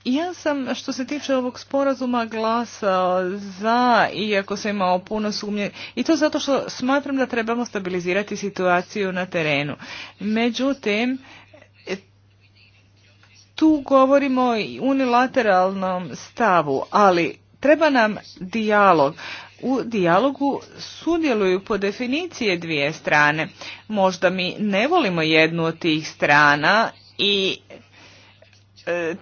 Ja sam što se tiče ovog sporazuma glasao za, iako sam imao puno sumnje, i to zato što smatram da trebamo stabilizirati situaciju na terenu. Međutim, tu govorimo o unilateralnom stavu, ali Treba nam dijalog. U dijalogu sudjeluju po definicije dvije strane. Možda mi ne volimo jednu od tih strana i e,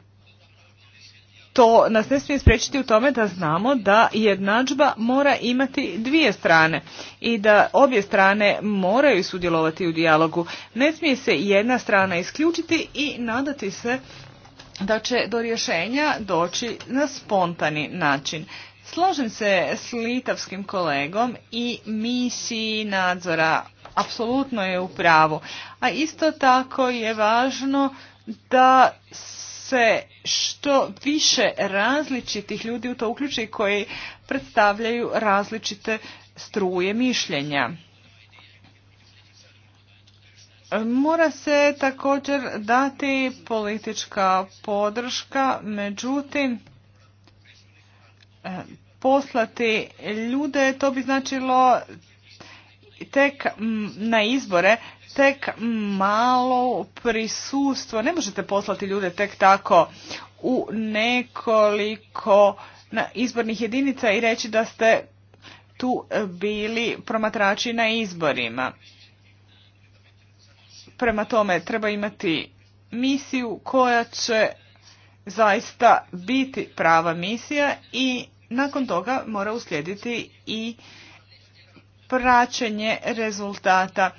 to nas ne smije spriječiti u tome da znamo da jednadžba mora imati dvije strane i da obje strane moraju sudjelovati u dijalogu. Ne smije se jedna strana isključiti i nadati se da će do rješenja doći na spontani način. Slažem se s litavskim kolegom i misiji nadzora apsolutno je u pravu. A isto tako je važno da se što više različitih ljudi u to uključi koji predstavljaju različite struje mišljenja. Mora se također dati politička podrška, međutim, e, poslati ljude, to bi značilo tek na izbore, tek malo prisustvo. Ne možete poslati ljude tek tako u nekoliko izbornih jedinica i reći da ste tu bili promatrači na izborima. Prema tome, treba imati misiju koja će zaista biti prava misija i nakon toga mora uslijediti i praćenje rezultata.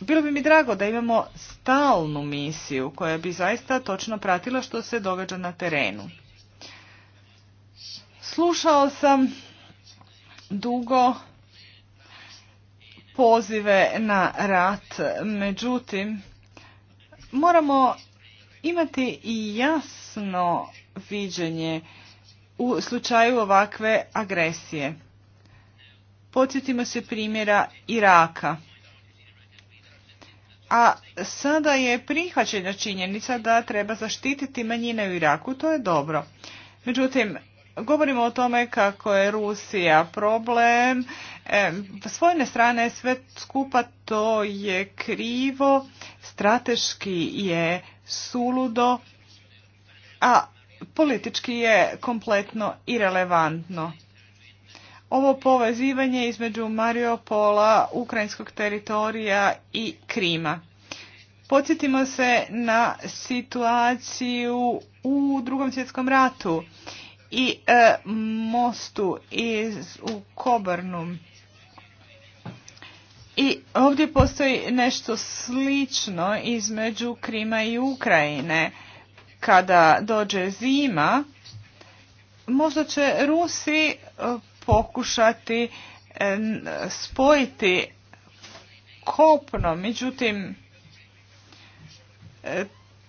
Bilo bi mi drago da imamo stalnu misiju koja bi zaista točno pratila što se događa na terenu. Slušao sam dugo pozive na rat. Međutim, moramo imati i jasno viđenje u slučaju ovakve agresije. Podsjetimo se primjera Iraka. A sada je prihvaćena činjenica da treba zaštititi manjine u Iraku, to je dobro. Međutim, Govorimo o tome kako je Rusija problem. E, s vojne strane sve skupa to je krivo, strateški je suludo, a politički je kompletno irelevantno. Ovo povezivanje između Mariopola, ukrajinskog teritorija i Krima. Podsjetimo se na situaciju u drugom svjetskom ratu i e, mostu iz, u Kobarnu. I ovdje postoji nešto slično između Krima i Ukrajine. Kada dođe zima, možda će Rusi e, pokušati e, spojiti kopno, međutim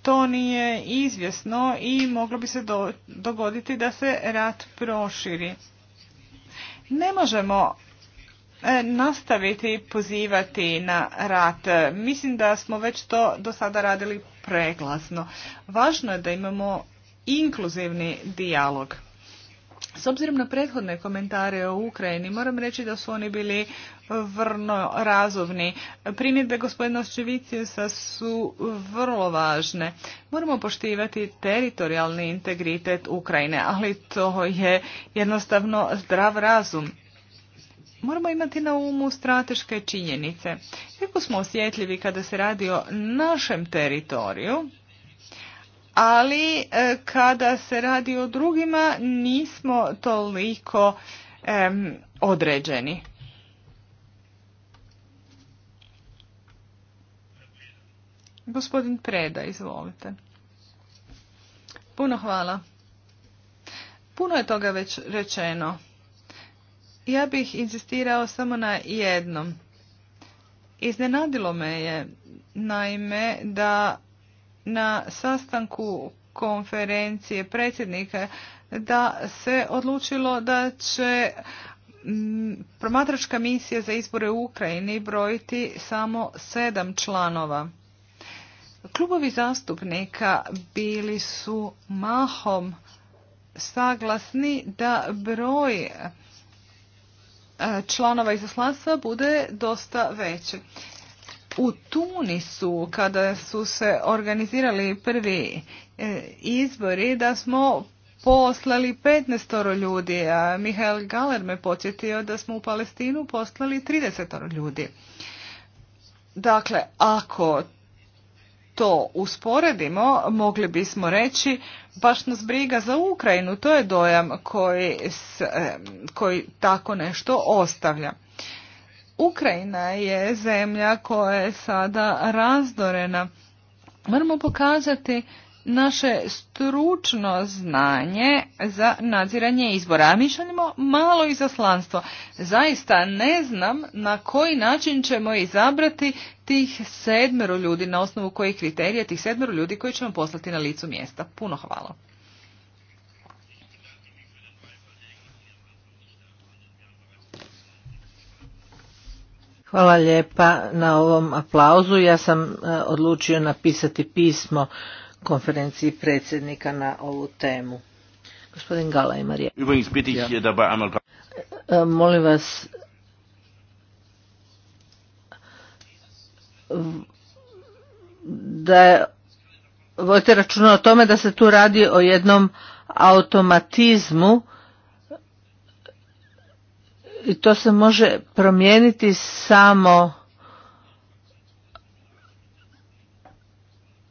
to nije izvjesno i moglo bi se dogoditi da se rat proširi. Ne možemo e, nastaviti pozivati na rat. Mislim da smo već to do sada radili preglasno. Važno je da imamo inkluzivni dijalog. S obzirom na prethodne komentare o Ukrajini, moram reći da su oni bili vrlo razovni. Primjedbe gospodina Ščevicijusa su vrlo važne. Moramo poštivati teritorijalni integritet Ukrajine, ali to je jednostavno zdrav razum. Moramo imati na umu strateške činjenice. Jako smo osjetljivi kada se radi o našem teritoriju, ali e, kada se radi o drugima nismo toliko određeni. Gospodin Preda, izvolite. Puno hvala. Puno je toga već rečeno. Ja bih insistirao samo na jednom. Iznenadilo me je naime da na sastanku konferencije predsjednika da se odlučilo da će promatračka misija za izbore u Ukrajini brojiti samo sedam članova. Klubovi zastupnika bili su mahom saglasni da broj e, članova izaslanstva bude dosta veći u Tunisu kada su se organizirali prvi e, izbori da smo poslali 15 ljudi, a Mihael Galer me podsjetio da smo u Palestinu poslali 30 ljudi. Dakle, ako to usporedimo, mogli bismo reći, baš nas briga za Ukrajinu, to je dojam koji, koji tako nešto ostavlja. Ukrajina je zemlja koja je sada razdorena. Moramo pokazati naše stručno znanje za nadziranje izbora. A mi šaljemo malo izaslanstvo. Zaista ne znam na koji način ćemo izabrati tih sedmeru ljudi, na osnovu kojih kriterija, tih sedmeru ljudi koji ćemo poslati na licu mjesta. Puno hvala. Hvala lijepa na ovom aplauzu. Ja sam e, odlučio napisati pismo konferenciji predsjednika na ovu temu. Gospodin Gala e, Molim vas, da je, vodite računa o tome da se tu radi o jednom automatizmu i to se može promijeniti samo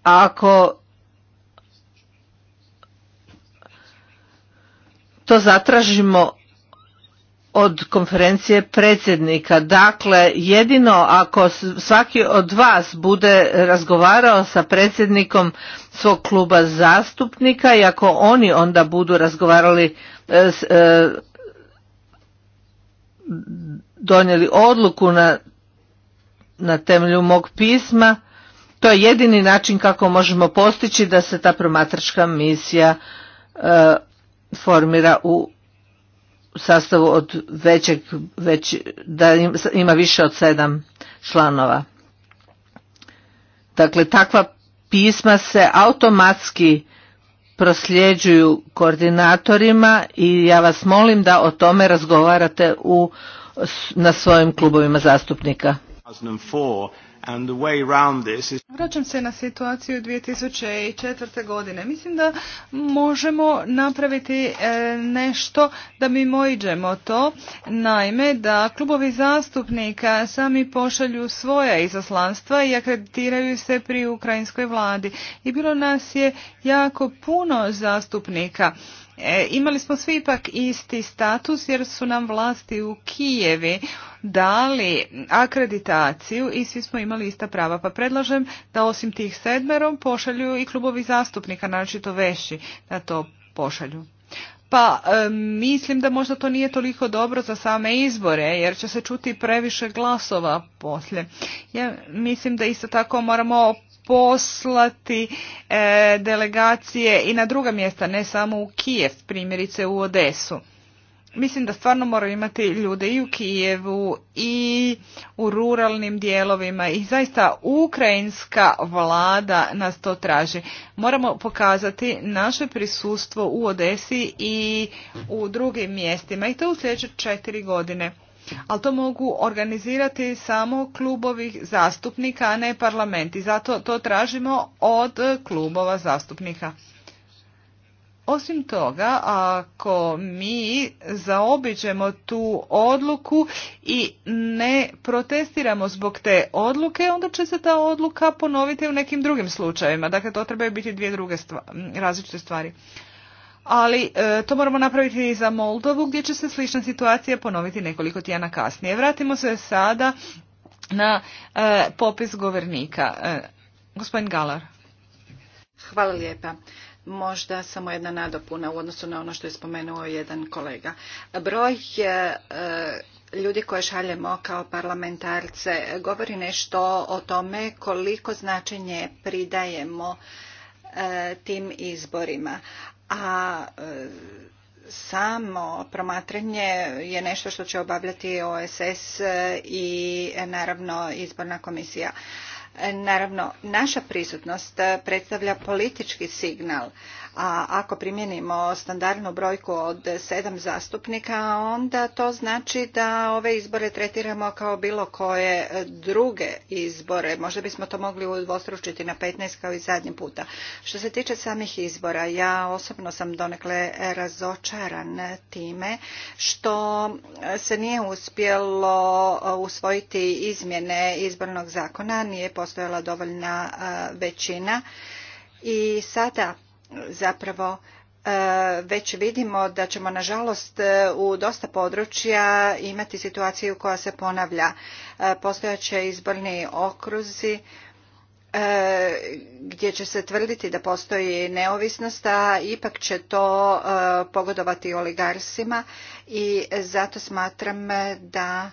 ako to zatražimo od konferencije predsjednika. Dakle, jedino ako svaki od vas bude razgovarao sa predsjednikom svog kluba zastupnika i ako oni onda budu razgovarali e, e, donijeli odluku na, na temelju mog pisma, to je jedini način kako možemo postići da se ta promatračka misija e, formira u sastavu od većeg, već, da ima više od sedam članova. Dakle, takva pisma se automatski prosljeđuju koordinatorima i ja vas molim da o tome razgovarate u, na svojim klubovima zastupnika. Vraćam se na situaciju 2004. godine. Mislim da možemo napraviti e, nešto da mi mojđemo to. Naime, da klubovi zastupnika sami pošalju svoja izaslanstva i akreditiraju se pri ukrajinskoj vladi. I bilo nas je jako puno zastupnika E, imali smo svi ipak isti status jer su nam vlasti u Kijevi dali akreditaciju i svi smo imali ista prava. Pa predlažem da osim tih sedmerom pošalju i klubovi zastupnika, naročito veši, da to pošalju. Pa e, mislim da možda to nije toliko dobro za same izbore jer će se čuti previše glasova poslije. mislim da isto tako moramo poslati e, delegacije i na druga mjesta, ne samo u Kijev, primjerice u Odesu. Mislim da stvarno moraju imati ljude i u Kijevu i u ruralnim dijelovima i zaista ukrajinska vlada nas to traži. Moramo pokazati naše prisustvo u Odesi i u drugim mjestima i to u sljedeće četiri godine ali to mogu organizirati samo klubovi zastupnika, a ne parlamenti. Zato to tražimo od klubova zastupnika. Osim toga, ako mi zaobiđemo tu odluku i ne protestiramo zbog te odluke, onda će se ta odluka ponoviti u nekim drugim slučajevima. Dakle, to trebaju biti dvije druge različite stvari ali e, to moramo napraviti i za Moldovu gdje će se slična situacija ponoviti nekoliko tjedana kasnije. Vratimo se sada na e, popis govornika. E, gospodin Galar. Hvala lijepa. Možda samo jedna nadopuna u odnosu na ono što je spomenuo jedan kolega. Broj ljudi koje šaljemo kao parlamentarce govori nešto o tome koliko značenje pridajemo tim izborima a e, samo promatranje je nešto što će obavljati OSS i naravno izborna komisija. E, naravno, naša prisutnost predstavlja politički signal a ako primijenimo standardnu brojku od sedam zastupnika, onda to znači da ove izbore tretiramo kao bilo koje druge izbore. Možda bismo to mogli udvostručiti na petnaest kao i zadnji puta. Što se tiče samih izbora, ja osobno sam donekle razočaran time što se nije uspjelo usvojiti izmjene izbornog zakona, nije postojala dovoljna većina i sada zapravo e, već vidimo da ćemo nažalost e, u dosta područja imati situaciju koja se ponavlja. E, Postojaće izborni okruzi gdje će se tvrditi da postoji neovisnost, a ipak će to pogodovati oligarsima i zato smatram da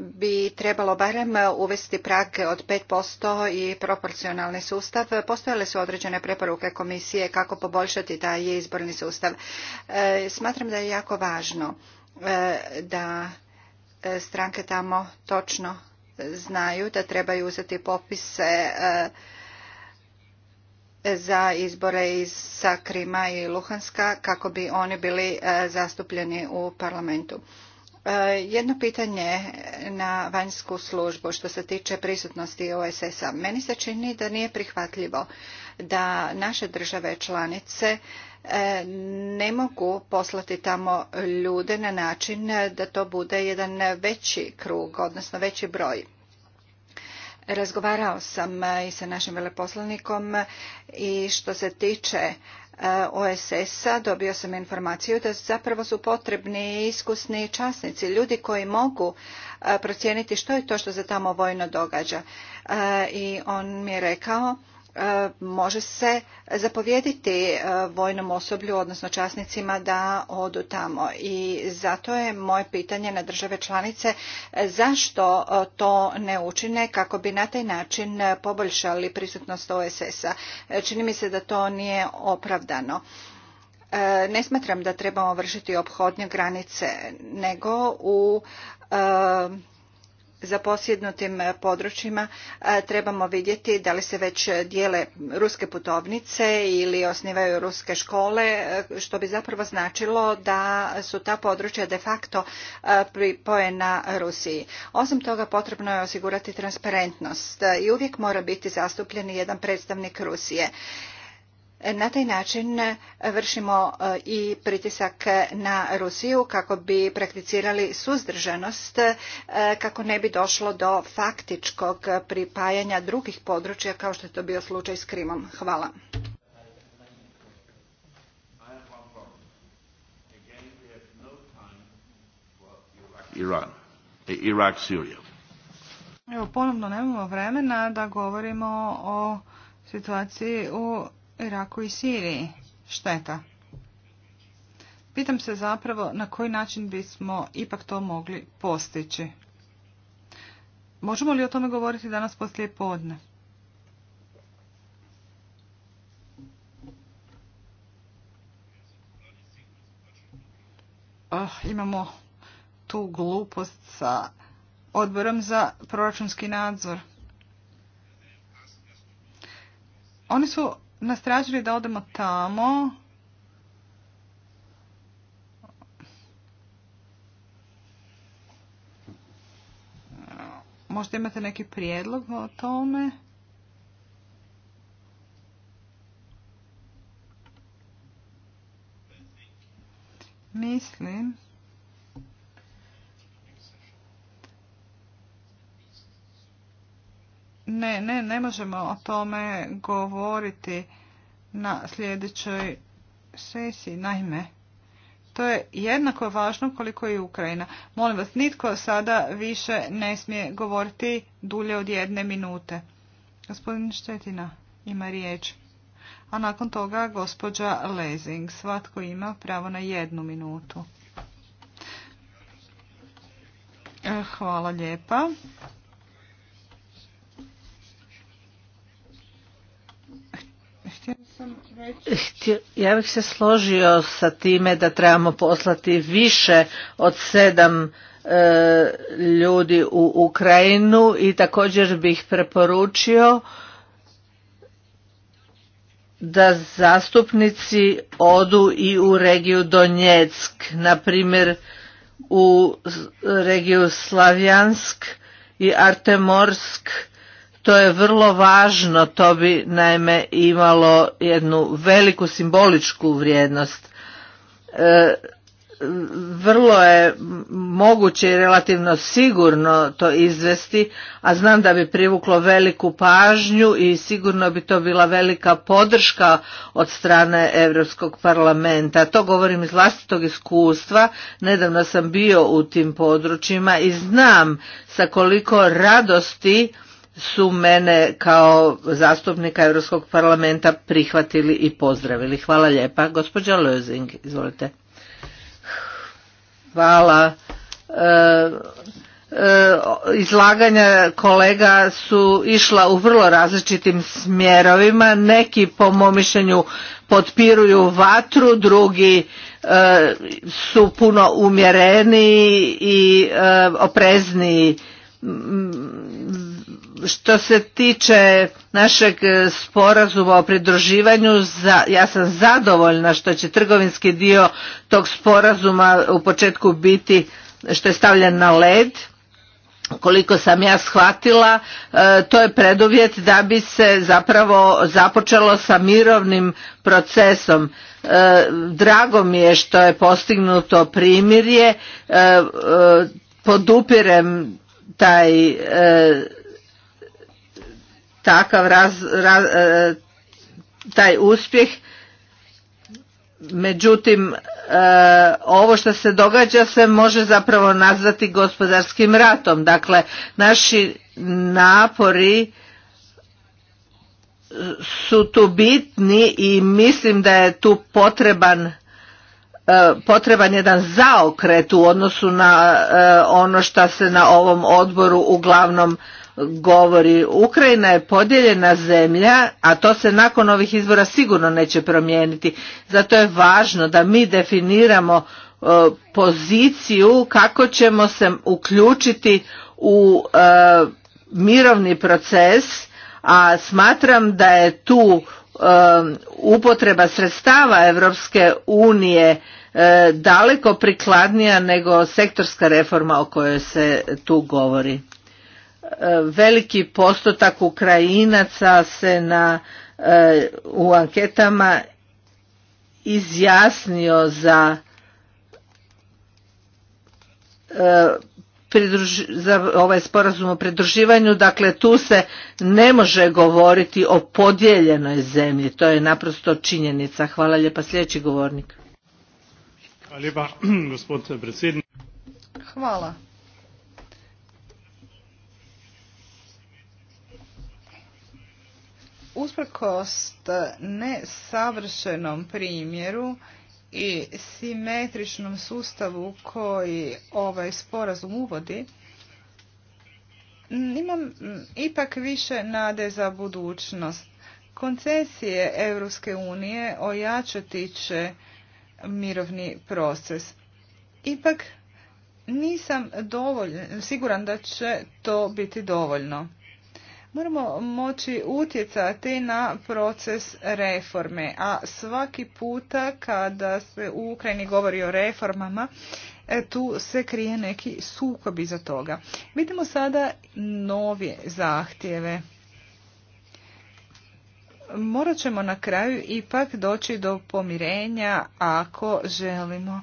bi trebalo barem uvesti prag od posto i proporcionalni sustav. Postojale su određene preporuke komisije kako poboljšati taj izborni sustav. E, smatram da je jako važno e, da e, stranke tamo točno znaju da trebaju uzeti popise za izbore iz Sakrima i Luhanska kako bi oni bili zastupljeni u parlamentu. E, jedno pitanje na vanjsku službu što se tiče prisutnosti OSS-a. Meni se čini da nije prihvatljivo da naše države članice e, ne mogu poslati tamo ljude na način da to bude jedan veći krug, odnosno veći broj. Razgovarao sam i sa našim veleposlanikom i što se tiče E, OSS-a dobio sam informaciju da zapravo su potrebni iskusni časnici, ljudi koji mogu e, procijeniti što je to što se tamo vojno događa. E, I on mi je rekao E, može se zapovjediti e, vojnom osoblju, odnosno časnicima da odu tamo. I zato je moje pitanje na države članice zašto e, to ne učine kako bi na taj način poboljšali prisutnost OSS-a. Čini mi se da to nije opravdano. Ne smatram da trebamo vršiti obhodnje granice, nego u zaposjednutim e, područjima e, trebamo vidjeti da li se već dijele ruske putovnice ili osnivaju ruske škole e, što bi zapravo značilo da su ta područja de facto pripojena Rusiji. Osim toga potrebno je osigurati transparentnost i uvijek mora biti zastupljen jedan predstavnik Rusije. Na taj način e, vršimo e, i pritisak na Rusiju kako bi prakticirali suzdržanost e, kako ne bi došlo do faktičkog pripajanja drugih područja kao što je to bio slučaj s Krimom. Hvala. Iran, Evo, ponovno nemamo vremena da govorimo o situaciji u Iraku i Siriji. Šteta. Pitam se zapravo na koji način bismo ipak to mogli postići. Možemo li o tome govoriti danas poslije podne? Oh, imamo tu glupost sa odborom za proračunski nadzor. Oni su nas tražili da odemo tamo. Možda imate neki prijedlog o tome? Mislim Ne, ne, ne možemo o tome govoriti na sljedećoj sesiji. Naime, to je jednako važno koliko i Ukrajina. Molim vas, nitko sada više ne smije govoriti dulje od jedne minute. Gospodin Štetina ima riječ. A nakon toga gospođa Lezing. Svatko ima pravo na jednu minutu. Hvala lijepa. Ja bih se složio sa time da trebamo poslati više od sedam e, ljudi u Ukrajinu i također bih preporučio da zastupnici odu i u regiju Donjeck, na primjer u regiju Slavjansk i Artemorsk to je vrlo važno, to bi naime imalo jednu veliku simboličku vrijednost. E, vrlo je moguće i relativno sigurno to izvesti, a znam da bi privuklo veliku pažnju i sigurno bi to bila velika podrška od strane Europskog parlamenta. To govorim iz vlastitog iskustva, nedavno sam bio u tim područjima i znam sa koliko radosti su mene kao zastupnika Europskog parlamenta prihvatili i pozdravili. Hvala lijepa. Gospođa Lozing, izvolite. Hvala. E, e, izlaganja kolega su išla u vrlo različitim smjerovima. Neki po mom mišljenju potpiruju vatru, drugi e, su puno umjereniji i oprezniji što se tiče našeg e, sporazuma o pridruživanju, ja sam zadovoljna što će trgovinski dio tog sporazuma u početku biti što je stavljen na led. Koliko sam ja shvatila, e, to je preduvjet da bi se zapravo započelo sa mirovnim procesom. E, drago mi je što je postignuto primirje, podupirem taj takav raz, e, taj uspjeh međutim e, ovo što se događa se može zapravo nazvati gospodarskim ratom dakle naši napori su tu bitni i mislim da je tu potreban e, potreban jedan zaokret u odnosu na ono što se na ovom odboru uglavnom govori Ukrajina je podijeljena zemlja, a to se nakon ovih izbora sigurno neće promijeniti. Zato je važno da mi definiramo e, poziciju kako ćemo se uključiti u e, mirovni proces, a smatram da je tu e, upotreba sredstava Europske unije daleko prikladnija nego sektorska reforma o kojoj se tu govori. E, veliki postotak Ukrajinaca se na, e, u anketama izjasnio za e, za ovaj sporazum o pridruživanju, dakle tu se ne može govoriti o podijeljenoj zemlji, to je naprosto činjenica. Hvala lijepa, sljedeći govornik. Hvala Hvala, usprkos nesavršenom primjeru i simetričnom sustavu koji ovaj sporazum uvodi, imam ipak više nade za budućnost. Koncesije Europske unije ojačati će mirovni proces. Ipak nisam dovoljno, siguran da će to biti dovoljno moramo moći utjecati na proces reforme, a svaki puta kada se u Ukrajini govori o reformama, e, tu se krije neki sukob iza toga. Vidimo sada nove zahtjeve. Morat ćemo na kraju ipak doći do pomirenja ako želimo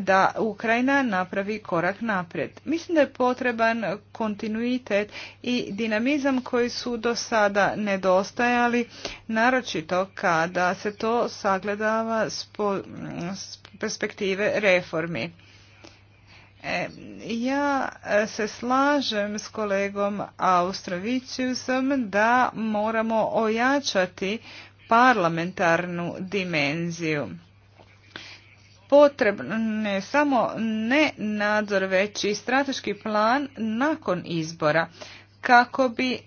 da Ukrajina napravi korak naprijed. Mislim da je potreban kontinuitet i dinamizam koji su do sada nedostajali, naročito kada se to sagledava s perspektive reformi. E, ja se slažem s kolegom Austrovićusom da moramo ojačati parlamentarnu dimenziju potrebne samo ne nadzor, već i strateški plan nakon izbora kako bi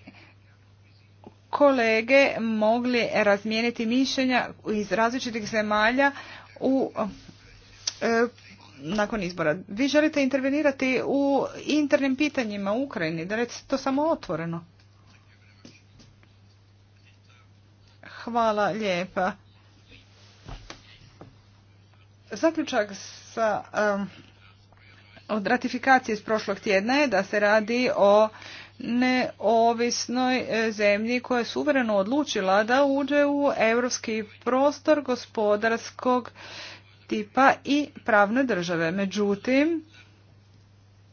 kolege mogli razmijeniti mišljenja iz različitih zemalja u e, nakon izbora. Vi želite intervenirati u internim pitanjima u Ukrajini, da recite to samo otvoreno. Hvala lijepa. Zaključak sa, od ratifikacije iz prošlog tjedna je da se radi o neovisnoj e, zemlji koja je suvereno odlučila da uđe u europski prostor gospodarskog tipa i pravne države. Međutim,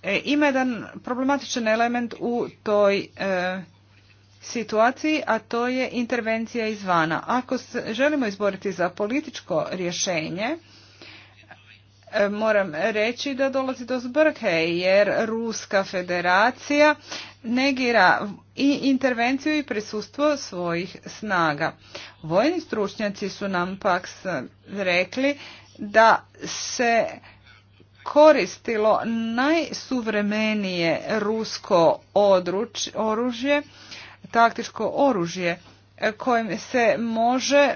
e, ima jedan problematičan element u toj e, situaciji, a to je intervencija izvana. Ako se želimo izboriti za političko rješenje, E, moram reći da dolazi do zbrke jer Ruska federacija negira i intervenciju i prisustvo svojih snaga. Vojni stručnjaci su nam pak rekli da se koristilo najsuvremenije rusko oružje, taktičko oružje e, kojim se može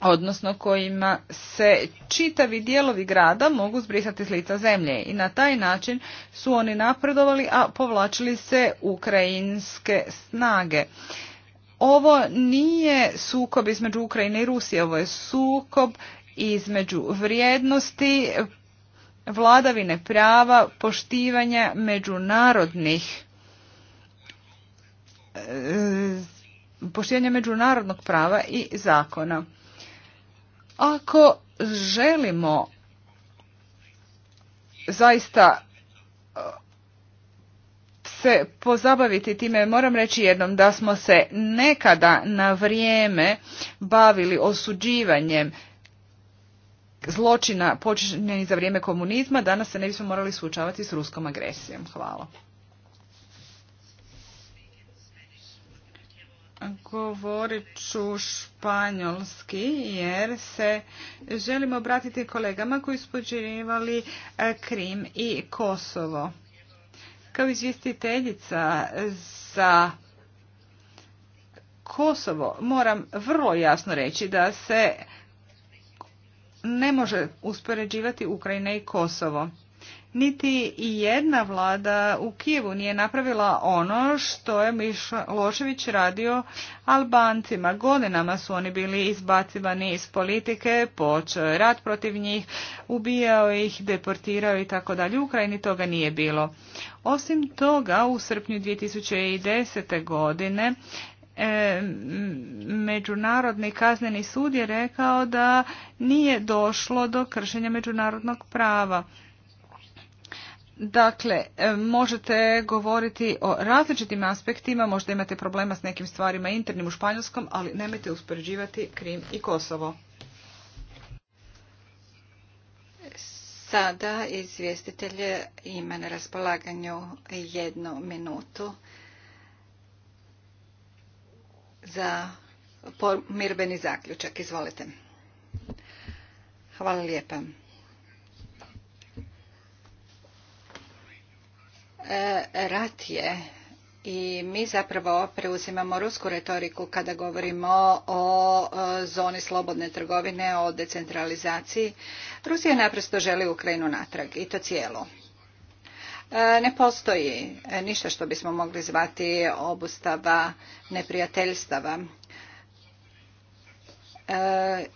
odnosno kojima se čitavi dijelovi grada mogu zbrisati s lica zemlje i na taj način su oni napredovali, a povlačili se ukrajinske snage. Ovo nije sukob između Ukrajine i Rusije, ovo je sukob između vrijednosti, vladavine prava, poštivanja međunarodnih e, poštivanja međunarodnog prava i zakona. Ako želimo zaista uh, se pozabaviti time, moram reći jednom da smo se nekada na vrijeme bavili osuđivanjem zločina počinjenih za vrijeme komunizma, danas se ne bismo morali suočavati s ruskom agresijom. Hvala. govorit ću španjolski jer se želim obratiti kolegama koji su pođerivali e, Krim i Kosovo. Kao izvjestiteljica za Kosovo moram vrlo jasno reći da se ne može uspoređivati Ukrajina i Kosovo. Niti jedna vlada u Kijevu nije napravila ono što je Milošević radio Albancima. Godinama su oni bili izbacivani iz politike, počeo je rat protiv njih, ubijao ih, deportirao i tako dalje. U Ukrajini toga nije bilo. Osim toga, u srpnju 2010. godine e, međunarodni kazneni sud je rekao da nije došlo do kršenja međunarodnog prava. Dakle, e, možete govoriti o različitim aspektima, možda imate problema s nekim stvarima internim u Španjolskom, ali nemojte uspoređivati Krim i Kosovo. Sada izvjestitelj ima na raspolaganju jednu minutu za mirbeni zaključak. Izvolite. Hvala lijepa. E, rat je i mi zapravo preuzimamo rusku retoriku kada govorimo o zoni slobodne trgovine, o decentralizaciji. Rusija naprosto želi Ukrajinu natrag i to cijelu. E, ne postoji ništa što bismo mogli zvati obustava neprijateljstava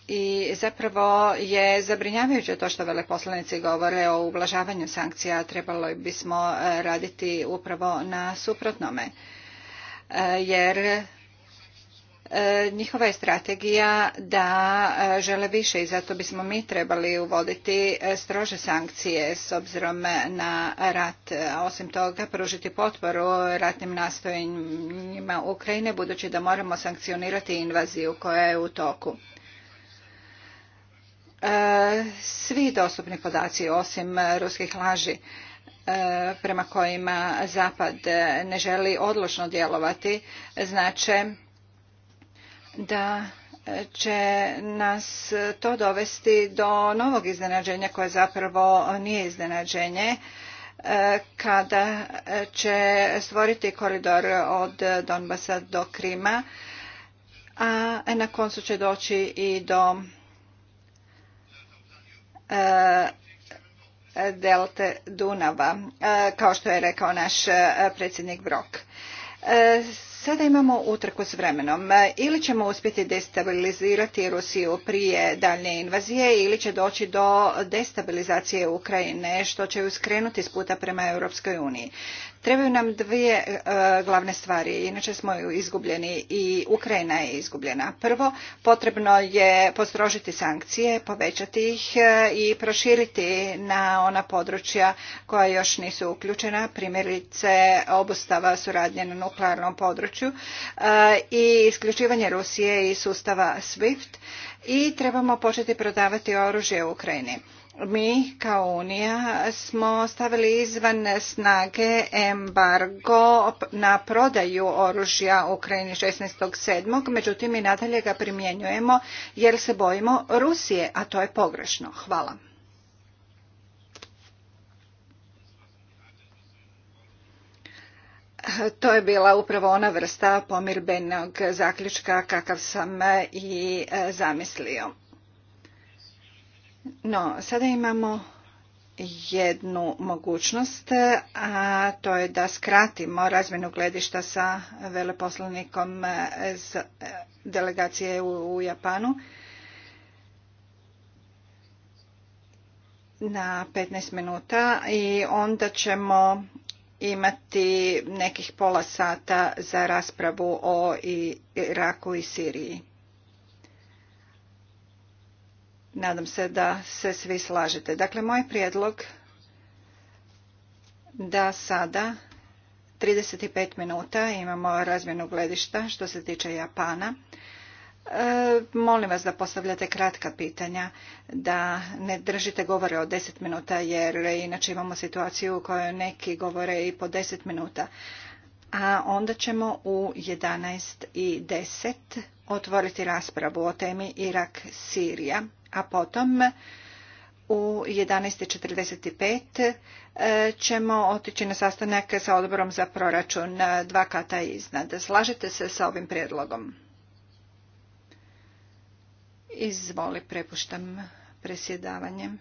i zapravo je zabrinjavajuće to što veleposlanici govore o ublažavanju sankcija, trebalo bismo eh, raditi upravo na suprotnome. Eh, jer E, njihova je strategija da e, žele više i zato bismo mi trebali uvoditi e, strože sankcije s obzirom na rat. A osim toga pružiti potporu ratnim nastojanjima Ukrajine budući da moramo sankcionirati invaziju koja je u toku. Svi dostupni podaci osim ruskih laži prema kojima Zapad ne želi odlučno djelovati znače da e, će nas to dovesti do novog iznenađenja koje zapravo nije iznenađenje e, kada će stvoriti koridor od Donbasa do Krima, a na koncu će doći i do e, delte Dunava, kao što je rekao naš predsjednik Brok. Sada imamo utrku s vremenom. Ili ćemo uspjeti destabilizirati Rusiju prije daljnje invazije ili će doći do destabilizacije Ukrajine što će ju skrenuti s puta prema Europskoj uniji. Trebaju nam dvije e, glavne stvari, inače smo ju izgubljeni i Ukrajina je izgubljena. Prvo, potrebno je postrožiti sankcije, povećati ih e, i proširiti na ona područja koja još nisu uključena, primjerice obustava suradnje na nuklearnom području području e, i isključivanje Rusije iz sustava SWIFT i trebamo početi prodavati oružje u Ukrajini. Mi kao Unija smo stavili izvan snage embargo na prodaju oružja Ukrajini 16.7. Međutim i nadalje ga primjenjujemo jer se bojimo Rusije, a to je pogrešno. Hvala. to je bila upravo ona vrsta pomirbenog zaključka kakav sam e, i e, zamislio. No, sada imamo jednu mogućnost, e, a to je da skratimo razmjenu gledišta sa veleposlanikom delegacije u, u Japanu na 15 minuta i onda ćemo imati nekih pola sata za raspravu o Iraku i Siriji. Nadam se da se svi slažete. Dakle, moj prijedlog da sada 35 minuta imamo razmjenu gledišta što se tiče Japana. E, molim vas da postavljate kratka pitanja, da ne držite govore od deset minuta jer inače imamo situaciju u kojoj neki govore i po deset minuta. A onda ćemo u jedanaest i deset otvoriti raspravu o temi Irak-Sirija, a potom u 11.45 e, ćemo otići na sastanak sa odborom za proračun e, dva kata iznad. Slažete se sa ovim prijedlogom? Izvoli, prepuštam presjedavanje.